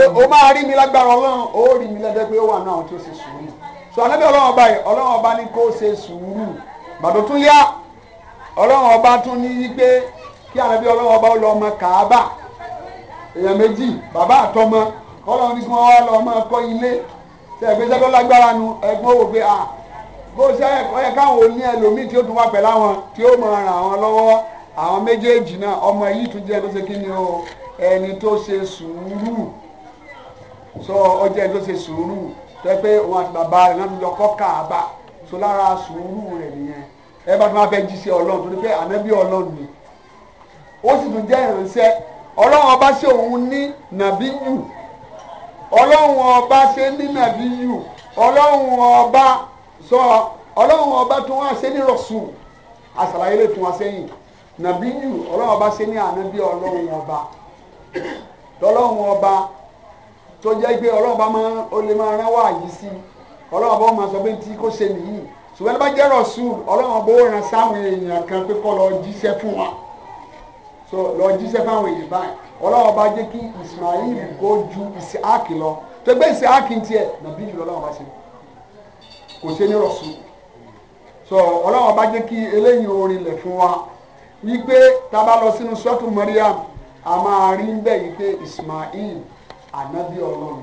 pé o máa rí mi lágbára ọlọ́run ó rí mi lẹ́gbẹ́ pé ó wà náà tó ṣe sùúrù so anábẹ́ ọlọ́run ọba yìí ọlọ́run ọba ní kó ṣe sùúrù gbàdó tún yá ọlọ́run ọba tún ní í pé kí anábẹ́ ọlọ́run ọba ó lọ ọmọ kàábà èèyàn méjì bàbá àtọmọ ọlọ́run ní kí wọ́n wá lọ ọmọ kọ́ ilé tẹ ẹgbẹ́sẹ́ tó lágbára nu ẹgbọ́n wò pé à bó ṣe ọyẹ káwọn ò ní ẹlòmíì tí ó tún wá pẹ̀lú àwọn tí ó máa ràn àwọn lọ́wọ́ àwọn méjèèjì náà ọmọ yìí tún jẹ́ tó ṣe kí ni o ẹni tó ṣe sùúrù so ó jẹ́ ẹni tó ṣe sùúrù tó yẹ pé òun àti bàbá rẹ̀ náà lọ kọ́ kàába so lára sùúrù rẹ̀ nìyẹn ẹ bá tó máa fẹ́ jí sí ọlọ́run torí pé ànábì ọlọ́run ni ó sì tún jẹ́ ìránṣẹ́ ọlọ́run ọba ṣe òun ní nàbíyù ọlọ́run ọba ṣe ní nàbíyù ọlọ́run ọba sọ ọlọ́run ọba tún wá ṣe ní rọ̀sùn àṣàlàyé lè tún wá sẹ́yìn nàbíyù ọlọ́run ọba ṣe ní ànábì ọlọ́run ọba tọ́lọ́run ọba tó jẹ́ pé ọlọ́run bá máa ó lè máa rán wáàyí sí i ọlọ́run bá máa sọ pé tí kò ṣe nìyí ṣùgbọ́n bá jẹ́ rọ̀ṣùl ọlọ́run bó ràn sáwọn èèyàn kan pé kọ́ lọ jíṣẹ́ fún wa so lọ jíṣẹ́ fáwọn èèyàn báyìí ọlọ́run bá jẹ́ kí Ismail kó ju Isiaki lọ tó gbé Isiaki tiẹ̀ nàbí jùlọ ọlọ́run bá ṣe kò ṣe ní rọ̀ṣùl so ọlọ́run bá jẹ́ kí eléyìí orin lẹ̀ fún wa wípé tá a bá lọ sínú sọ́tù Mariam a máa rí ń yìí pé Ismail ànábì ọlọ́run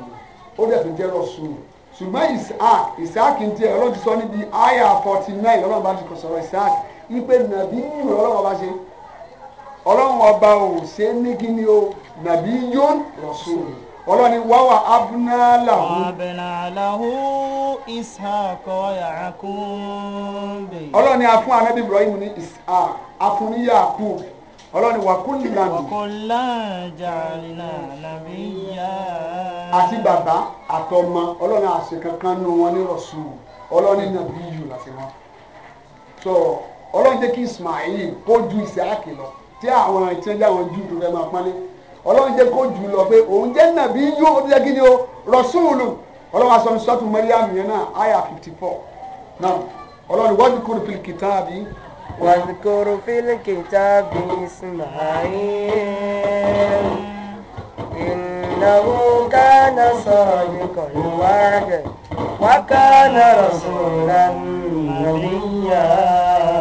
ó dẹ̀ tún jẹ́ rọ̀ṣùn ṣùgbọ́n isaac isaac ń tiẹ̀ ọlọ́run ti sọ níbi aya forty nine ọlọ́run bá ti kọ sọ̀rọ̀ isaac wípé nàbí yìí ọlọ́run ọba ṣe ọlọ́run ọba ò ṣe é ní kí ni o nàbí yón rọ̀ṣùn ọlọ́run ni wàá wà abúnáàláhù. abúnáàláhù ishaq yakub. ọlọ́run ni a fún ànábì ibrahim ní ishaq a fún ní yakub ọlọ́ni wà kún ní nàbí. wàkọ́lá jàǹdà nàbí yá. àti bàbá àtọmọ ọlọ́ni àṣekankan nù wọn ní rọ̀ṣù ọlọ́ni nàbí yù láti wọn. So ọlọ́ni jẹ́ kí Ismail kó ju Ìsáàkì lọ tí àwọn ìtẹ́jú àwọn jù tó fẹ́ máa pọ́nlé ọlọ́ni jẹ́ kó jù lọ pé òun jẹ́ nàbí yù ó jẹ́ kí ni o rọ̀ṣùlù ọlọ́wọ́ aṣọ ní sọ́tù Màríàmù yẹn náà àyà fifty four Now ọlọ́ni wọ́n ti kúrò fìlì kìtàbí. واذكر في الكتاب إسماعيل إنه كان صادق الوعد وكان رسولا نبيا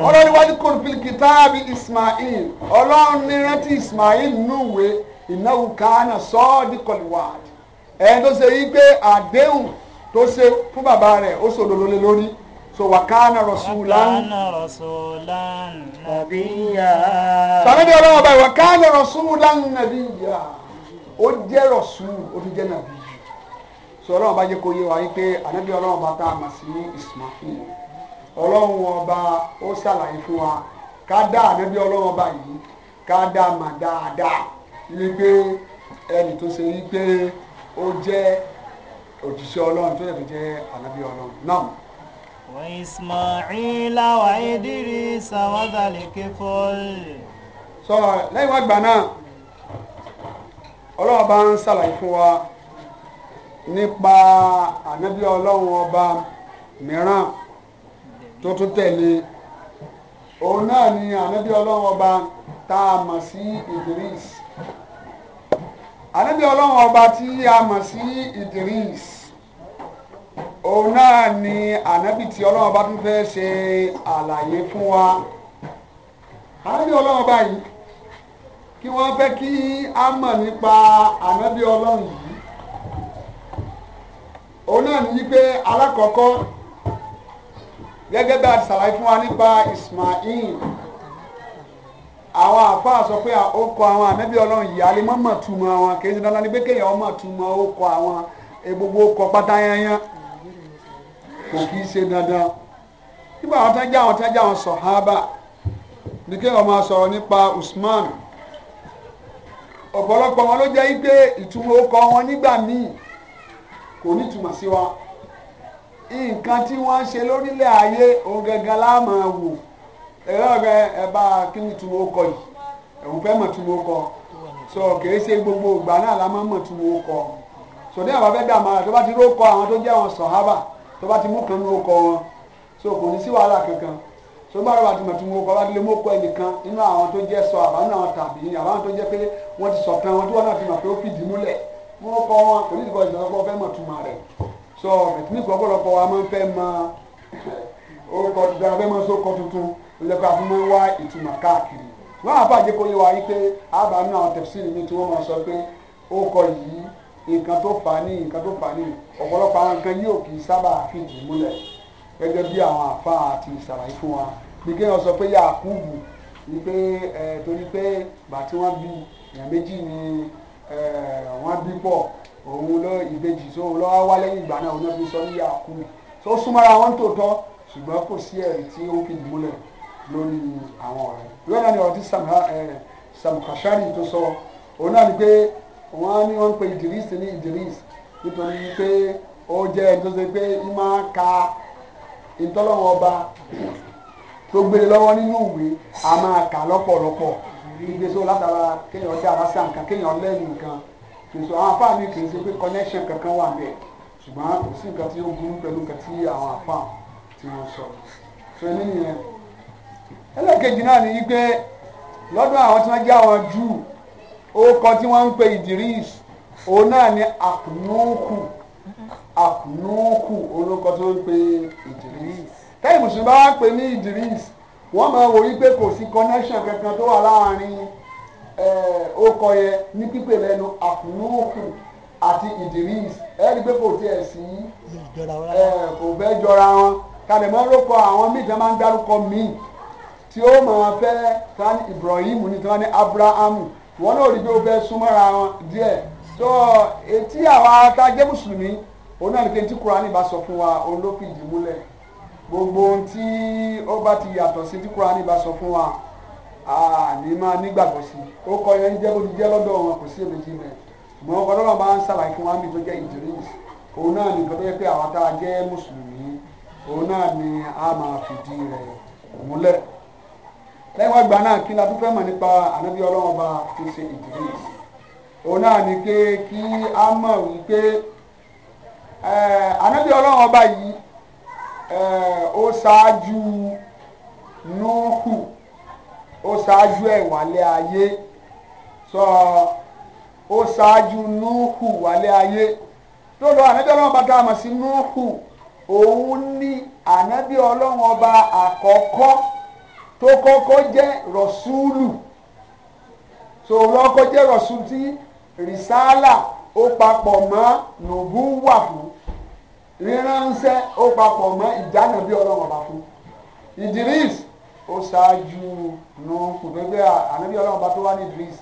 ọlọ́run wá ní kò fi kìtáàbì Ismail ọlọ́run ní rántí Ismail núwe ìnáwó kánà sọ́ọ́dí kọlùwàd ẹni tó ṣe yí pé àdéhùn tó ṣe fún bàbá rẹ̀ ó ṣòdodo lórí so wakana rasulan nabiya sanabi ọlọ́wọ́ báyìí wakana rasulan nabiya ó jẹ́ rasul ó fi jẹ́ nabi so ọlọ́wọ́ bá jẹ́ kó yé wa yí pé anabi ọlọ́wọ́ bá tá a mà sí ní ismail ọlọ́wọ́ ọba ó ṣàlàyé fún wa ká dá anabi ọlọ́wọ́ báyìí ká dá a mà dáadáa yí pé ẹni tó ṣe yí pé ó jẹ́ òjíṣẹ́ ọlọ́run tó yẹ kó jẹ́ anabi ọlọ́run náà. وإسماعيل وإدريس وذا الكفل. sọ lẹ́yìn wá gbà náà ọlọ́run bá ń ṣàlàyé fún wa nípa ànábì ọlọ́run ọba mìíràn tó tún tẹ̀lé òun náà ni ànábì ọlọ́run ọba tá a mọ̀ sí Idris ànábì ọlọ́run ọba tí a mọ̀ sí Idris. òun náà ni ànábì tí ọlọ́run bá tún fẹ́ ṣe àlàyé fún wa ànábì ọlọ́run báyìí kí wọ́n fẹ́ kí a mọ̀ nípa ànábì ọlọ́run yìí òun náà ní pé alákọ̀ọ́kọ́ gẹ́gẹ́ bí a ti ṣàlàyé fún wa nípa Ismail àwọn àfáà sọ pé ó àwọn ànábì ọlọ́run yìí alẹ́ wọn kì í ṣe dandan egbogbo pátá kò kí í ṣe dandan nígbà àwọn tán já àwọn tán já àwọn sọ̀hábà ní kéèyàn máa sọ̀rọ̀ nípa Usman ọ̀pọ̀lọpọ̀ wọn ló jẹ́ wípé ìtumọ̀ orúkọ wọn nígbà míì kò ní ìtumọ̀ sí wa nǹkan tí wọ́n ń ṣe lórílẹ̀ ayé òun gangan la máa wò ẹ̀rọ rẹ ẹ bá kí ni ìtumọ̀ orúkọ yìí ẹ̀hún fẹ́ mọ̀ ìtumọ̀ orúkọ sọ kìí ṣe gbogbo ìgbà náà la ìtumọ̀ orúkọ sọdẹ́ àwọn abẹ́dàmọ́ rẹ̀ tó bá ti rókọ àwọn tó jẹ́ àwọn sọ̀hábà tó bá ti mú kan ní okọ wọn so kò ní sí wàhálà kankan so bá rọba ti mọ̀ tí mo kọ́ bá ti lè mú okọ ẹnìkan nínú àwọn tó jẹ́ sọ àbá nínú àwọn tàbí àbá tó jẹ́ pé wọ́n ti sọ̀tàn wọn tí wọ́n náà ti mọ̀ pé ó fìdí múlẹ̀ mú okọ wọn kò ní ìdíkọ̀ ìṣàkóso fẹ́ mọ̀ túmọ̀ rẹ̀ so bẹ̀tìní ìpọ́pọ̀lọpọ̀ wa máa ń fẹ́ mọ orúkọ tuntun abẹ́ máa ń sókọ tuntun lẹ́kọ̀ọ́ àfi máa ń wá nǹkan tó fà á ní nǹkan tó fà á ní ọ̀pọ̀lọpọ̀ àwọn nǹkan yóò kì í sábà fìdí múlẹ̀ gẹ́gẹ́ bí àwọn àfáà àti ìsàlàyé fún wa bí kéèyàn sọ pé Yakubu ni pé ẹ torí pé gbà tí wọ́n bí èèyàn méjì ni wọ́n bí pọ̀ òun ló ìbejì tó lọ́ wá lẹ́yìn ìgbà náà òun ló fi sọ ní Yakubu tó súnmọ́ra wọn tó tọ́ ṣùgbọ́n kò sí ẹ̀rí tí ó fìdí múlẹ̀ lórí àwọn ọ̀rẹ́ ni ọ̀dí Samkashari tó wọ́n á ní wọ́n ń pe Idris ní Idris nítorí pé ó jẹ́ ẹni tó ṣe pé ń máa ka ìtọ́lọ́wọ́n ọba tó gbélé lọ́wọ́ nínú ìwé a máa kà lọ́pọ̀lọpọ̀ ìgbésó látara kéèyàn dá lásán nǹkan kéèyàn lẹ́yìn nǹkan èso àwọn afá mi kì í ṣe pé connection kankan wà bẹ́ẹ̀ ṣùgbọ́n kò sí nǹkan tí ó burú pẹ̀lú nǹkan tí àwọn afá tí wọ́n sọ so eléyìí yẹn ẹlẹ́kejì náà ni wípé lọ́dún àwọn tí wọ́n jẹ́ àwọn Júù orúkọ tí wọ́n ń pe Idris òun náà ni aknuku aknuku orúkọ tó ń pe Idris tẹ́yìn mùsùlùmí bá wá pè ní Idris wọ́n máa wò wípé kò sí connection kankan tó wà láàrin orúkọ yẹn ní pípè lẹ́nu aknuku àti Idris ẹni pé kò tiẹ̀ sí kò fẹ́ jọra wọn kalẹ̀ mọ́ àwọn míì tí ń dárúkọ míì tí ó máa fẹ́ tani Ibrahim ní tani Abrahamu wọn náà rí pé ó fẹ́ súnmọ́ra wọn díẹ̀ tó etí àwọn tá jẹ́ mùsùlùmí òun náà ní pé tí ní bá sọ fún wa òun ló fìdí múlẹ̀ gbogbo ohun tí ó bá ti yàtọ̀ sí tí ní bá sọ fún wa àní máa nígbàgbọ́ sí i ó kọ yẹn jẹ́ lọ́dọ̀ wọn kò sí mẹ́ mọ ń sàlàyé fún wa jẹ́ mùsùlùmí òun náà a máa fìdí lẹ́yìn wá gbà náà kí la tún fẹ́ mọ̀ nípa ànábì ọlọ́run ọba tó ṣe Idris òun náà ni pé kí a mọ̀ wípé ànábì ọlọ́run ọba yìí ó ṣáájú Núhù ó ṣáájú ẹ̀ wálé ayé sọ ó ṣáájú Núhù wálé ayé tó lọ ànábì ọlọ́run ọba tá a mọ̀ sí Núhù òun ní ànábì ọlọ́run ọba àkọ́kọ́ tó kọ́kọ́ jẹ́ rọ̀súùlù so wọ́n kọ́ jẹ́ rọ̀súùlù tí rìsáàlà ó papọ̀ mọ́ nùbú wà fún ríránṣẹ́ ó papọ̀ mọ́ ìjánà bí ọlọ́run ọba fún Idris ó ṣáájú nùkù tó gbé ànábí ọlọ́run ọba tó wá ní Idris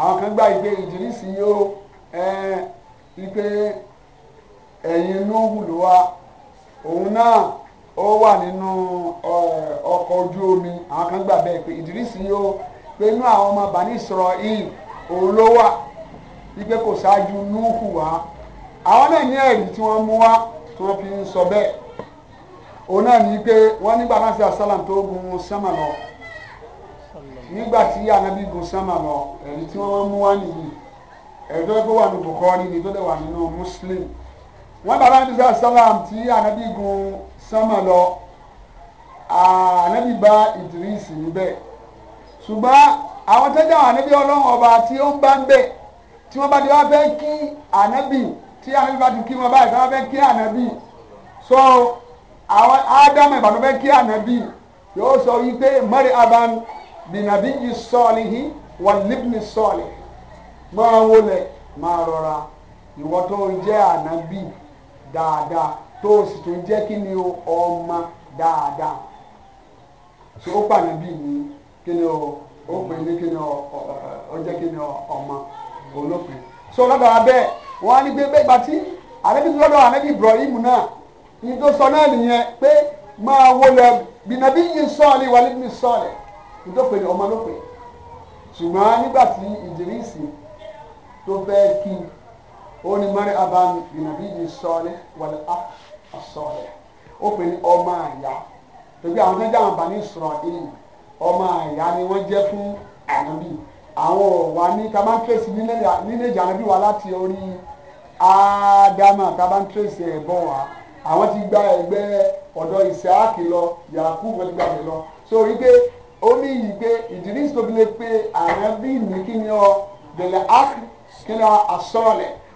àwọn kan gbà ìgbé Idris yóò ìpè ẹ̀yìn nùhù ló wá òun náà ó wà nínú ọkọ̀ ojú omi àwọn kan gbà bẹ́ẹ̀ pé Ìdírísì yóò pé inú àwọn ọmọ bani Israel òun ló wà wípé kò ṣáájú Núhù wá àwọn náà ní ẹ̀rí tí wọ́n mú wá tí wọ́n fi ń sọ bẹ́ẹ̀ òun náà ní pé wọ́n nígbà náà sí asálàm tó gun sánmà lọ nígbà tí ànábì gun sánmà lọ ẹ̀rí tí wọ́n mú wá nìyí ẹ̀rí tó wà ní Bukhari ni tó dẹ̀ wà nínú Muslim wọ́n bàbá ní sálàm tí ànábì gun Sama lọ ànábì bá Idris níbẹ̀ ṣùgbọ́n àwọn tẹ́jà ànábì ọlọ́run ọba tí ó ń bá ń bẹ̀ tí wọ́n bá ti wá fẹ́ kí ànábì tí ànábì bá ti kí wọn báyìí tí wọ́n fẹ́ kí ànábì so àwọn ádámù ìbàdàn fẹ́ kí ànábì yóò sọ wípé mọ́rẹ́ aban bìnàbí yìí sọ́ọ̀lì yìí wà níbi sọ́ọ̀lì gbọ́n wọlé máa rọra ìwọ tó jẹ́ ànábì dáadáa tó o sì tún jẹ́ kí ni o ọmọ dáadáa so ó pàmì bíi ní kí ni o ó pè ní kí ni o ó jẹ́ kí ni o ọmọ olópin so lọ́dọ̀ abẹ́ wọ́n á ní gbé bẹ́ẹ̀ gbàtí àlẹ́bí lọ́dọ̀ àlẹ́bí Ibrahim náà ní tó sọ náà nìyẹn pé máa wó lọ bìnàbí yìí sọ́ọ̀lì wàlẹ́ bí sọ́ọ̀lì ní tó pè ní ọmọ lópin ṣùgbọ́n nígbà tí Ìdírísì tó fẹ́ kí ó ní mọ́rí abámi bìnàbí yìí sọ́ọ̀lì wàlẹ́ áfíà sọ̀rẹ̀ ó pè ní ọmọ àyà torí àwọn tó ń jẹ́ àǹfààní sọ̀rọ̀ ìlú ọmọ àyà ni wọ́n jẹ́ fún ànábì àwọn ọ̀wà ní ta bá ń tẹ̀sí nílẹ̀jì ànábì wa láti orí ádámà ta bá ń tẹ̀sí ẹ̀ bọ̀ wá àwọn ti gba ẹgbẹ́ ọ̀dọ̀ ìsáàkì lọ yàkú wọn ti gba ẹ̀ lọ so orí pé ó ní yìí pé ìdílé ìsòfin lè pe ànábì ní kí ni ọ bẹ̀rẹ̀ á kí ni ọ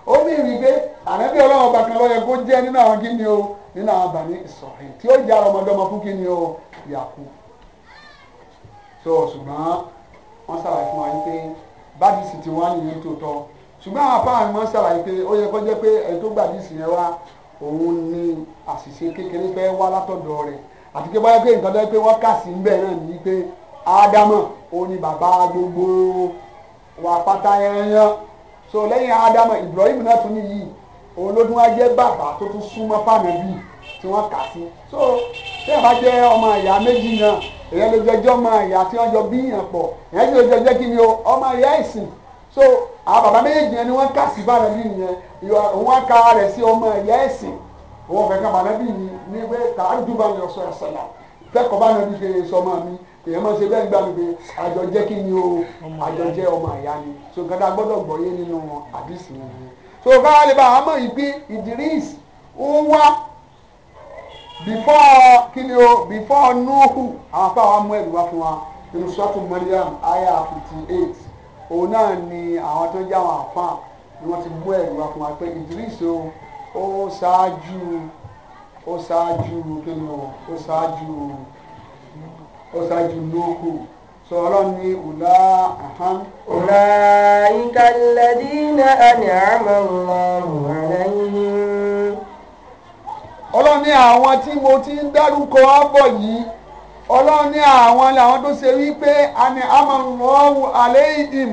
ó mì rí pé ànábì ọlọ́run ọba kan lọ́yẹ kó jẹ́ nínú àwọn o nínú àwọn àbàní ìsọ̀rìn tí ó jẹ́ ọmọdọ́mọ fún kí o yàkú. so ṣùgbọ́n wọ́n ṣàlàyé fún wa yín pé bádìsì ti wá nìyẹn tó tọ́ ṣùgbọ́n àwọn ṣàlàyé pé ó yẹ kó jẹ́ pé ẹni tó gbàdísì yẹn wá òun ní àṣìṣe kékeré fẹ́ wá látọ̀dọ̀ rẹ̀ àti pé báyọ̀ pé nǹkan gbogbo so lẹ́yìn ádámà ibrahim náà tún níyì òun ló tún wá jẹ́ bàbá tó tún súnmọ́ fàmìlì tí wọ́n kà sí so tí ẹ̀ bá jẹ́ ọmọ ìyá méjì náà èyàn lè jọjọ́ ọmọ ìyá tí wọ́n jọ bíyàn pọ̀ èyàn sì lè jọjọ́ kí ni o ọmọ ìyá ìsìn so àwọn bàbá méjèèjì yẹn ni wọ́n kà sí fàmìlì yẹn wọ́n ka rẹ̀ sí ọmọ ìyá ìsìn òun fẹ́ kàn fàmìlì yìí ní pé tààdùbà ni ọ̀sọ̀ ẹ̀sẹ̀ náà fẹ́kọ̀ọ́ bá mi fi sọmọ èèyàn máa ṣe bẹ́ẹ̀ gbà pé àjọ jẹ́ kí ni o àjọ jẹ́ ọmọ àyà ni so nǹkan tá a gbọ́dọ̀ gbọ́yé nínú àdìsí ni so káwá lè bá àmọ́ yìí pé Idris ó wá before kí ni o before Nuhu àwọn afọ àwọn amú ẹ̀rù wá fún wa nínú sọ́tù Mariam aya fifty eight òun náà ni àwọn tó jẹ́ àwọn àfa ni wọ́n ti mú ẹ̀rù wá fún wa pé Idris o ó ṣáájú ó ṣáájú kí ni o ó ṣáájú o. ó ṣáájú lóòkù sọ̀rọ̀ ní ọ̀la àhán. ọ̀la ìkàlẹ́dí náà ni àmọ́ ọ̀la àlẹ́yìn. ọlọ́run ní àwọn tí mo ti ń dárúkọ ábọ̀ yìí ọlọ́run ní àwọn làwọn tó ṣe wípé àmì àmọ́ ọ̀hún àlẹ́ ìdìm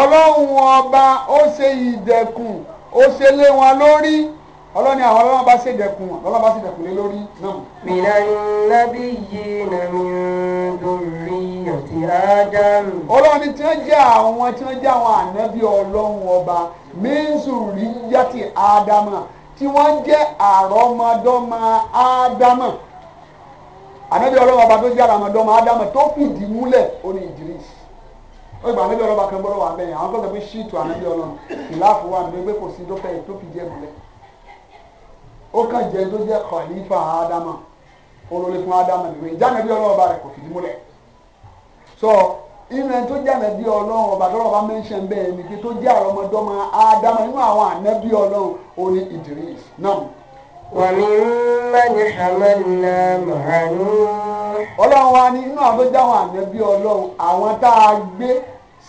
ọlọ́run ọba ó ṣe ìdẹ̀kùn ó ṣe lé wọn lórí. ọlọ́ni àwọn ọlọ́run bá ṣèdẹ̀kùn ọlọ́run bá ṣèdẹ̀kùn lé lórí náà. mìíràn nábì yìí nà mí lórí ọ̀tí ádámù. ọlọ́ni tí wọ́n jẹ́ àwọn tí wọ́n jẹ́ àwọn ànábì ọlọ́run ọba mínsùrí yàtì ádámù tí wọ́n jẹ́ àrọ́mọdọ́mọ ádámù. ànábì ọlọ́run ọba tó jẹ́ àrọ́mọdọ́mọ ádámù tó fìdí múlẹ̀ ó ní ìdírísì ó gbà ànábì ọlọ́run ọba kan gbọ́dọ̀ wà bẹ́yìn àwọn tó ó kàn jẹ́ tó jẹ́ khalifa ádámà olórí fún ádámà nìwé ìjánu bí ọlọ́wọ́ bá rẹ̀ kò fìdí múlẹ̀ so ìrìn tó jáde bí ọlọ́run ọba tó lọ́ba mẹ́ńṣẹ̀ bẹ́ẹ̀ ni pé tó jẹ́ àrọ́mọdọ́mọ ádámà nínú àwọn ànábì ọlọ́run ó ní Idris náà. وَمِمَّنْ حَمَلْنَا مَعَ نُوحٍ ọlọ́run wa ní inú àwọn tó jáwọn ànábì ọlọ́run àwọn tá a gbé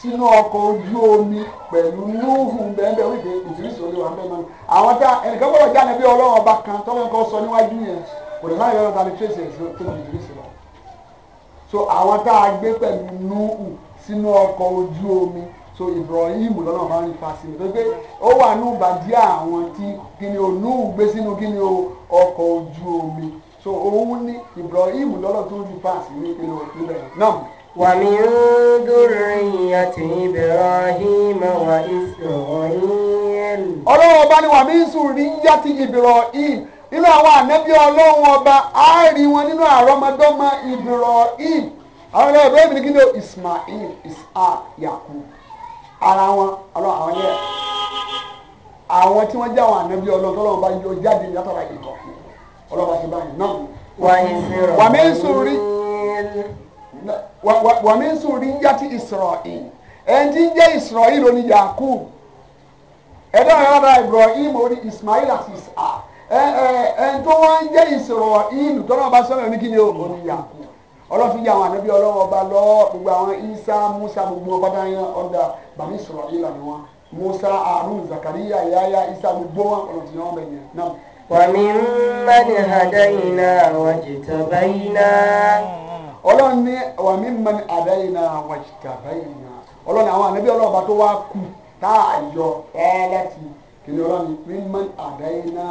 sínú ọkọ̀ ojú omi pẹ̀lú núhù bẹ́ẹ̀ wípé ìtúrísì olúwa bẹ́ẹ̀ náà àwọn tá ẹnìkan gbọ́dọ̀ jáde bí ọlọ́run ọba kan tọ́lọ́ kan sọ níwájú yẹn kò dẹ̀ láyọ̀ ọ̀rọ̀ tani tracy ẹ̀ tó ní ìtúrísì lọ. so àwọn tá a gbé pẹ̀lú núhù sínú ọkọ̀ ojú omi so Ibrahim lọ́nà máa ń fa sí mi tó gbé ó wà ní ìbàdí àwọn tí kíni o núhù gbé sínú kíni o ọkọ̀ ojú omi so òun ní Ibrahim lọ́nà tó ń fa sí mi ومن ذرية إبراهيم وإسرائيل ọlọ́run ọba ni wàmí zuriyati ibrahim nínú àwọn ànábì ọlọ́run ọba á rí wọn nínú àrọ́mọdọ́mọ ibrahim àwọn ọlọ́run ọba ìbìlẹ̀ gíndé ismail ishaq yakub ara wọn ọlọ́run àwọn yẹn àwọn tí wọ́n jẹ́ àwọn ànábì ọlọ́run tọ́lọ́run ọba yọ jáde látara ìbọ̀ ọlọ́run ọba báyìí náà wàmí zuriyati wàmí sùnrin ń yàtí Israel ẹni tí ń jẹ́ Israel ló ní Yakub ẹ̀dá ọ̀yọ́dà Ibrahim orí Ismail àti Isa ẹni tó wọ́n ń jẹ́ Israel tọ́lá ọba sọ́nà ní kí ni ó ní Yakub ọlọ́fin yà wọn ànábì ọlọ́wọ́ ọba lọ gbogbo àwọn Isa Musa gbogbo ọba dáná ọ̀dà bàmí Israel ni wọn Musa Arun Zakariya Yaya Isa gbogbo wọn ọlọ́fin yà wọn bẹ̀yẹn náà. وممن هدينا واجتبينا ọlọ́run ní wà mí mọ́ni àdáyìnà wàjìkà báyìnà ọlọ́run àwọn ànábì ọlọ́run bá tó wá kú tá a yọ ẹlẹ́tì kìnìún ọlọ́run mí mọ́ni àdáyìnà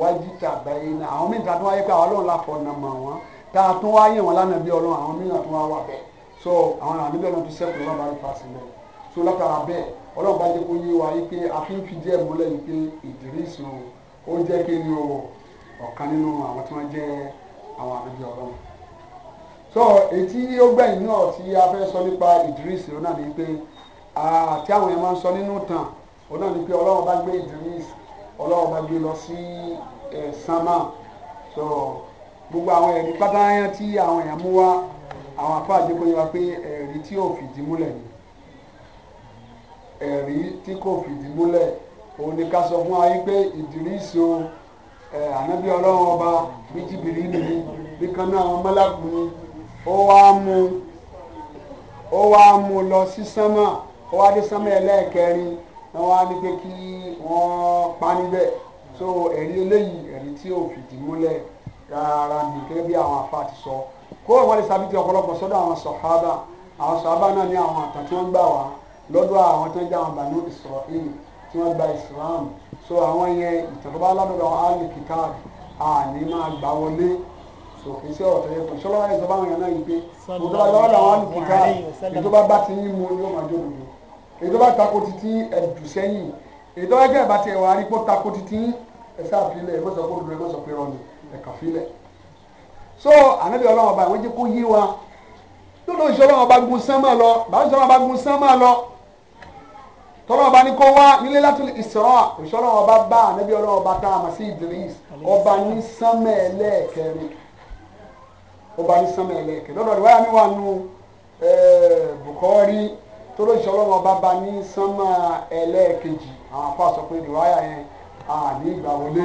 wàjìkà báyìnà àwọn mí ta tó wáyé pé àwọn ọlọ́run la fọ ọ̀nà mọ̀ wọ́n tá a tún wáyé wọn lánàá bí ọlọ́run àwọn mí náà wá wà bẹ́ẹ̀ so àwọn ànábì ọlọ́run tó sẹ́kù ọlọ́run bá rí fa sílẹ̀ so látara bẹ́ẹ̀ ọlọ́run bá jẹ́ kó yé wa yí pé àfihàn díẹ̀ múlẹ̀ yí pé Idris o ó jẹ́ kí ni o ọ̀kan nínú àwọn tí wọ́n jẹ́ àwọn ànábì ọlọ́run so etí ó gbẹ̀yìn náà tí a fẹ́ sọ nípa Idris òun náà ni pé àti àwọn yẹn máa ń sọ nínú tàn òun náà ni pé Ọlọ́run bá gbé Idris Ọlọ́run bá gbé lọ sí sánmà so gbogbo àwọn ẹ̀rí pátáyà tí àwọn èèyàn mú wá àwọn afáàjẹ kò yẹ wá pé ẹ̀rí tí ò fìdí múlẹ̀ ni ẹ̀rí tí kò fìdí múlẹ̀ òun ni ká sọ fún wa wípé Idris o ànábì Ọlọ́run ọba bí jìbìrì nìyí bí kan náà àwọn ó wá mú ó wá mú lọ sí sánmà ó wá dé sánmà ẹlẹ́ẹ̀kẹrin wọ́n wá ní pé kí wọ́n pa níbẹ̀ so ẹ̀rí eléyìí ẹ̀rí tí ò fìdí múlẹ̀ rárá ni gẹ́gẹ́ bí àwọn afa ti sọ kó wọ́n lè sábìtì ọ̀pọ̀lọpọ̀ sọ́dọ̀ àwọn sọ̀hábà àwọn sọ̀hábà náà ní àwọn àtàn tí wọ́n gbà wá lọ́dọ̀ àwọn tó ń jẹ́ àwọn bànú Israel tí wọ́n gba Islam so àwọn yẹn ìtàn tó bá ládọ̀dọ̀ àwọn àní máa gbà wọlé so kì í ṣe ọ̀rọ̀ tó yẹ kó ṣọlá ẹ̀ sọ́ba àwọn yẹn náà yìí pé ìjọba lọ́wọ́ làwọn àlùkùká ìjọba bá ti yín mu ni ó máa jó lòdì ìjọba tako titi ẹ̀dù sẹ́yìn ìjọba jẹ́ ìbá tiẹ̀ wàá rí kó tako titi ẹ̀sẹ̀ àfilẹ̀ ẹ̀ mọ̀sọ̀ kó dodo ẹ̀ mọ̀sọ̀ pé rọ̀ ni ẹ̀ka filẹ̀ so ànábì ọlọ́wọ́ bá wọ́n jẹ́ kó yé wa lọ́dọ̀ ìṣọ́lá ọba gun sánmà lọ bàbá ìṣọ́lá ọba gun sánmà lọ tọ́lá ọba ní kó wá nílé láti ìṣọ́lá ìṣọ́lá ọba bá ànábì ọlọ́wọ́ bá tá a mà sí Idris ọba ní sánmà ẹlẹ́ẹ̀kẹrin ó bá ní sánmà ẹlẹ́ẹ̀kẹ́ lọ́dọ̀ ìwáyà mi wà nù eh, Bukhari tó ló ṣọlọ́ wọn bá ba ní sánmà ẹlẹ́ẹ̀kejì àwọn afá sọ pé ìwáyà yẹn àní ìgbà wọlé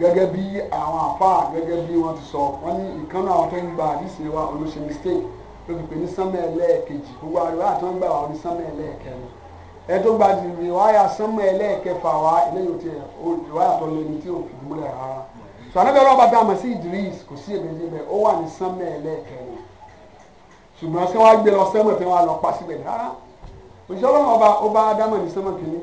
gẹ́gẹ́ bí àwọn afá gẹ́gẹ́ bí wọ́n ti sọ wọ́n ní ìkànnì àwọn tó ń gba àdìsí wa olóṣè mistake ló fi pè ní sánmà ẹlẹ́ẹ̀kejì gbogbo àríwá àti wọ́n gbà wà ní sánmà ẹlẹ́ẹ̀kẹrin ẹtọ́ gba ìwáyà sánmà ẹlẹ́ẹ̀kẹfà wa eléyìí ò tiẹ̀ ìwáyà tó lé ní tí ò fi dúró rárá so anabi ọlọ́ba bẹ́ẹ̀ àmọ́ sí Idris kò sí èbèjì bẹ́ẹ̀ ó wà ní sánmẹ́ ẹlẹ́ẹ̀kẹrin ṣùgbọ́n sẹ́ wàá gbé lọ sẹ́mọ̀ tí wọ́n á lọ pa síbẹ̀ rárá òṣìṣẹ́ ọlọ́run ọba ọba Ádámù ní sánmọ̀ kìíní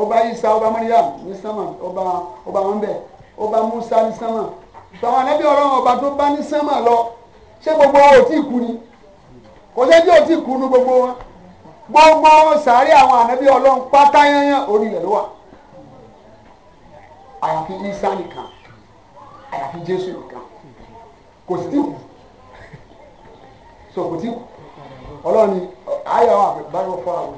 ọba Isa ọba Mariam ní sánmọ̀ ọba ọba wọn bẹ̀ ọba Musa ní sánmọ̀ sọ̀rọ̀ anabi ọlọ́run ọba tó bá ní sánmọ̀ lọ ṣé gbogbo wọn ò tí ì kú ni kò sẹ́jọ́ ò tí ì kú nu gbogbo wọn gbogbo sàárẹ̀ àwọn anabi ọlọ́run pátá yányán orí rẹ̀ àyàfi isa nìkan àyàfi jésù nìkan kò sí tìkù so kò tìkù ọlọ́run ni ayọ̀ wà báyọ̀ fọ́ àwọn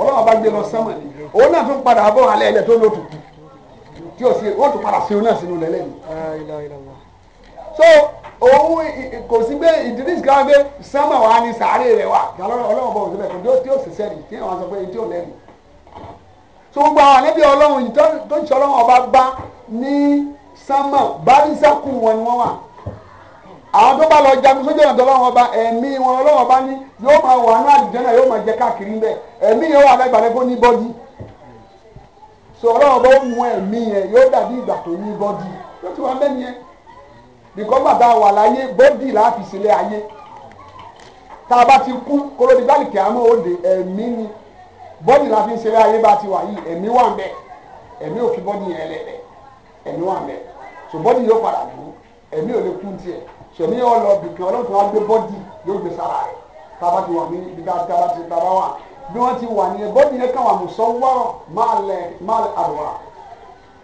ọlọ́run bá gbé lọ sánmà ni òun náà tún padà bọ̀ alẹ́ ilẹ̀ tó lótú tí o sì wọ́n tún padà sí òun náà sínú lẹ́lẹ́ ni so òun kò sí pé ìdílé kan gbé sánmà wa ni sàárè rẹ wa ọlọ́run bọ̀ òun síbẹ̀ kò tí o sì sẹ́ni tí wọ́n sọ pé tí o lẹ́nu so gbogbo àwọn ànábì ọlọ́run yìí tó ń sọ̀rọ̀ ọba bá ní sánmà bárísàkù wọn ni wọ́n wà àwọn tó bá lọ jagun sójú ọ̀nà tọ́lọ́wọ́n ọba ẹ̀mí wọn ọlọ́wọ́n ọba ní yóò máa wà ní àdìjẹ́ náà yóò máa jẹ káàkiri ńbẹ ẹ̀mí yóò wà lẹ́gbàá fún ní bọ́dí so ọlọ́wọ́n bá mú ẹ̀mí yẹn yóò dàbí ìgbà tó ní bọ́dí yóò ti wá mẹ́ni yẹn nìkan bàbá wà láyé bọ́dí láàfin sílẹ̀ ayé tá a bá ti kú kólódì bá lè kí àmọ́ òde ẹ̀mí ni bọ́dì la fi ń ṣeré ayé bá ti wà yìí ẹ̀mí wà ń bẹ ẹ̀mí ò fi bọ́dì yẹn lẹ́lẹ̀ ẹ̀mí wà ń bẹ so bọ́dì yóò padà kú ẹ̀mí ò lè kú tiẹ̀ so ní yóò lọ bìkan ọlọ́run wa gbé bọ́dì yóò gbé sára rẹ̀ tába ti wà ní ibi tába ti tába wà bí wọ́n ti wà nìyẹn bọ́dì yẹn kàn wà mùsọ̀ wọ́rọ̀ máa lẹ máa àdùrà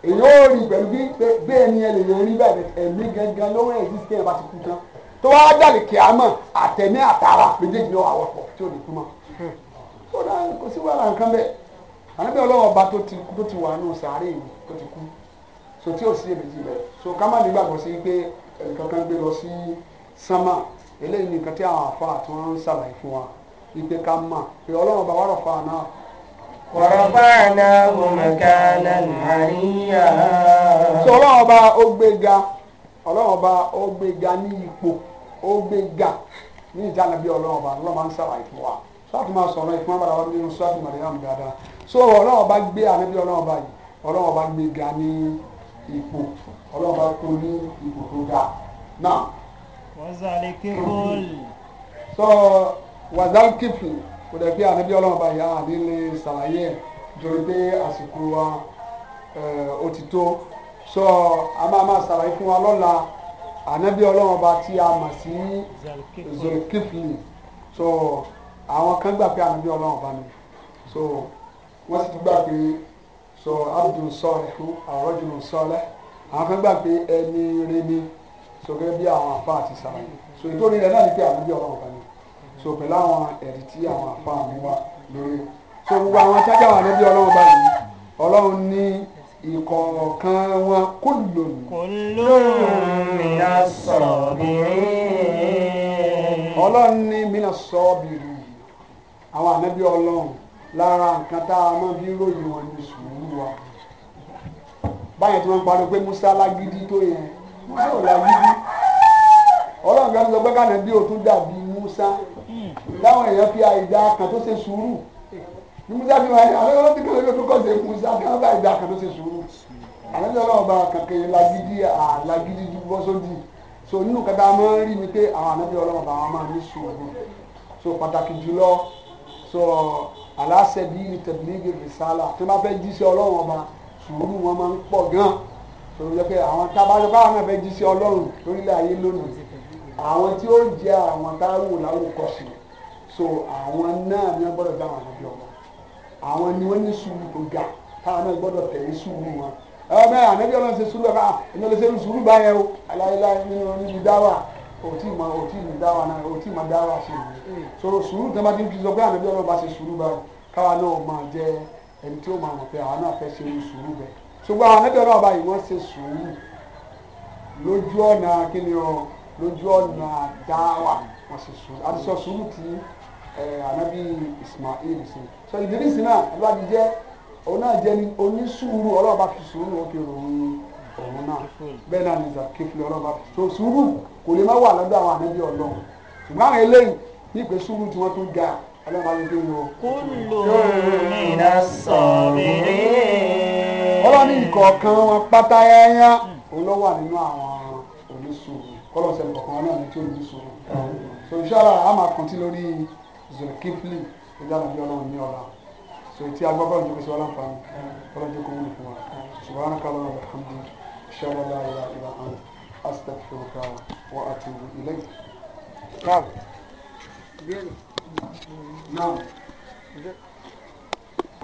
èyí ó rí pẹ̀lú bí bí ẹni yẹn lè rí bẹ́ẹ̀ ẹ̀mí gangan lọ́wọ́ ẹ̀ ti kú tán tó wá dàlẹ̀ kíámọ̀ àtẹ̀mí àtàrà méjèèjì náà wà wọ́pọ̀ tí ò ní kú mọ́. ó dá kò sí wàhálà nǹkan bẹ́ẹ̀ ànábẹ́ ọlọ́wọ́ ọba tó ti tó ti wà nù sàárè ti kú so tí o si èbìjì bẹ́ẹ̀ so sí pé gbé lọ sí sánmà eléyìí nìkan tí àwọn àti wọn ń fún wa ká mà pé fa so ọlọ́run ọba ó gbé ga ọlọ́run ọba ó gbé ga ní ipò ó gbé ga ní ń fún láti máa sọ̀rọ̀ ìpín padà wá nínú sọ́ọ̀tì màríyàmù dáadáa so ọlọ́run ọba gbé ànábì ọlọ́run ọba yìí ọlọ́run ọba gbé ga ní ipò ọlọ́run ọba tó ní ipò tó ga náà. wàzàlì kíkọ́ọ̀lì. sọ o kíkì kò dẹ̀ bí ànábì ọlọ́run ọba yìí àní lè ṣàlàyé ẹ̀ torí pé àsìkò wa eh, ó ti tó sọ a máa máa ṣàlàyé fún wa lọ́la ànábì ọlọ́run ọba tí a mọ̀ sí zolkifli sọ. So, àwọn kan gbà pé ànábì ọlọ́run bá ní so wọ́n sì tún gbà pé so abdul sọ́ọ̀lẹ̀ fún àrọ́jùmọ̀ sọ́ọ̀lẹ̀ àwọn kan gbà pé ẹni rẹ ni so gẹ́gẹ́ bí àwọn afa àti sàlàyé so ìtòrí rẹ náà ni pé ànábì ọlọ́run bá ní so pẹ̀lú àwọn ẹ̀rí tí àwọn afa mi wá lórí so gbogbo àwọn tájà wà níbi ọlọ́run bá yìí ọlọ́run ní ìkọ̀ọ̀kan wọn kò lónìí. kò lónìí mina sọ̀bìrì. ọlọ́run ní mina sọ̀bìrì àwọn ànábì ọlọ́run lára nǹkan tá a máa fi ròyìn wọn ní sùúrù wa báyìí tí wọ́n ń pariwo pé Musa lágídí tó yẹn Musa ò lágídí ọlọ́run kan sọ pé káàdé bí o tún dàbí Musa láwọn èèyàn fi àìdá kan tó ṣe sùúrù ní Musa fi máa yẹ àwọn ọlọ́run ti kọ́ lóko kọ́ ṣe Musa kí wọ́n bá àìdá kan tó ṣe sùúrù àwọn ọlọ́run bá kankan yẹn lágídí àlágídí bọ́ sódì so nínú kẹta máa ń rí mi pé àwọn ànábì ọlọ́run bá wọn máa ní sùúrù so pàtàkì jùlọ sọ aláṣẹbí tẹ̀lígì rìsálà tó bá fẹ́ jíṣẹ́ ọlọ́run ọba sùúrù wọn máa ń pọ̀ gan sọ̀rọ̀ jẹ́ pé àwọn tábàjọ́ báwọn náà fẹ́ jíṣẹ́ ọlọ́run lórílẹ̀ ayé lónìí àwọn tí ó jẹ́ àwọn táwò láwòkọ́sùn so àwọn náà ni wọ́n gbọ́dọ̀ dá àwọn àbí ọmọ àwọn ni wọ́n ní sùúrù tó ga táwọn náà gbọ́dọ̀ tẹ̀lé sùúrù wọn ẹ òtí mọ òtí mi dá wa náà òtí mọ dá wa ṣe yìí so sùúrù tẹ́ bá ti ń fi sọ pé àná bí ọlọ́run bá ṣe sùúrù báyìí káwa náà máa jẹ ẹni tí ó máa mọ̀ pé àwa náà fẹ́ ṣe sùúrù bẹ́ẹ̀ ṣùgbọ́n àwọn ẹgbẹ́ ọlọ́run báyìí wọ́n ṣe sùúrù lójú ọ̀nà kíni o lójú ọ̀nà dáwà wọ́n ṣe sùúrù àti sọ sùúrù tí ànábì Ismail ṣe sọ Ìdírísì náà ẹ bá ti jẹ́ òun náà jẹ́ onísùúrù ọlọ́run bá fi sùúrù ó fi òun náà bẹ́ẹ̀ náà ní ìsàkéfìlì ọlọ́ba tó sùúrù kò lè má wà lọ́dọ̀ àwọn ànábì ọlọ́run ṣùgbọ́n àwọn eléyìí ní ìpè sùúrù tí wọ́n tún ga ọlọ́ba ló dé wọn. kúlù nínà sọ̀rìrì. ọlọ́ni ìkọ̀ọ̀kan wọn pátá yányá òun ló wà nínú àwọn oníṣòwò kọ́lọ́sẹ̀ ìkọ̀ọ̀kan náà ní tí oníṣòwò. so inshallah a máa kàn tí lórí zulkifli ìdáná bí ọlọ́run ní ọ̀la so tí agbábọ́ọ̀lù tó fi ṣe wọ́n láǹfààní ọlọ́jọ́ kò wúlò fún wa subhanaka Allahumma wa bihamdika. أن لا اله الا انت استغفرك واتوب اليك نعم نعم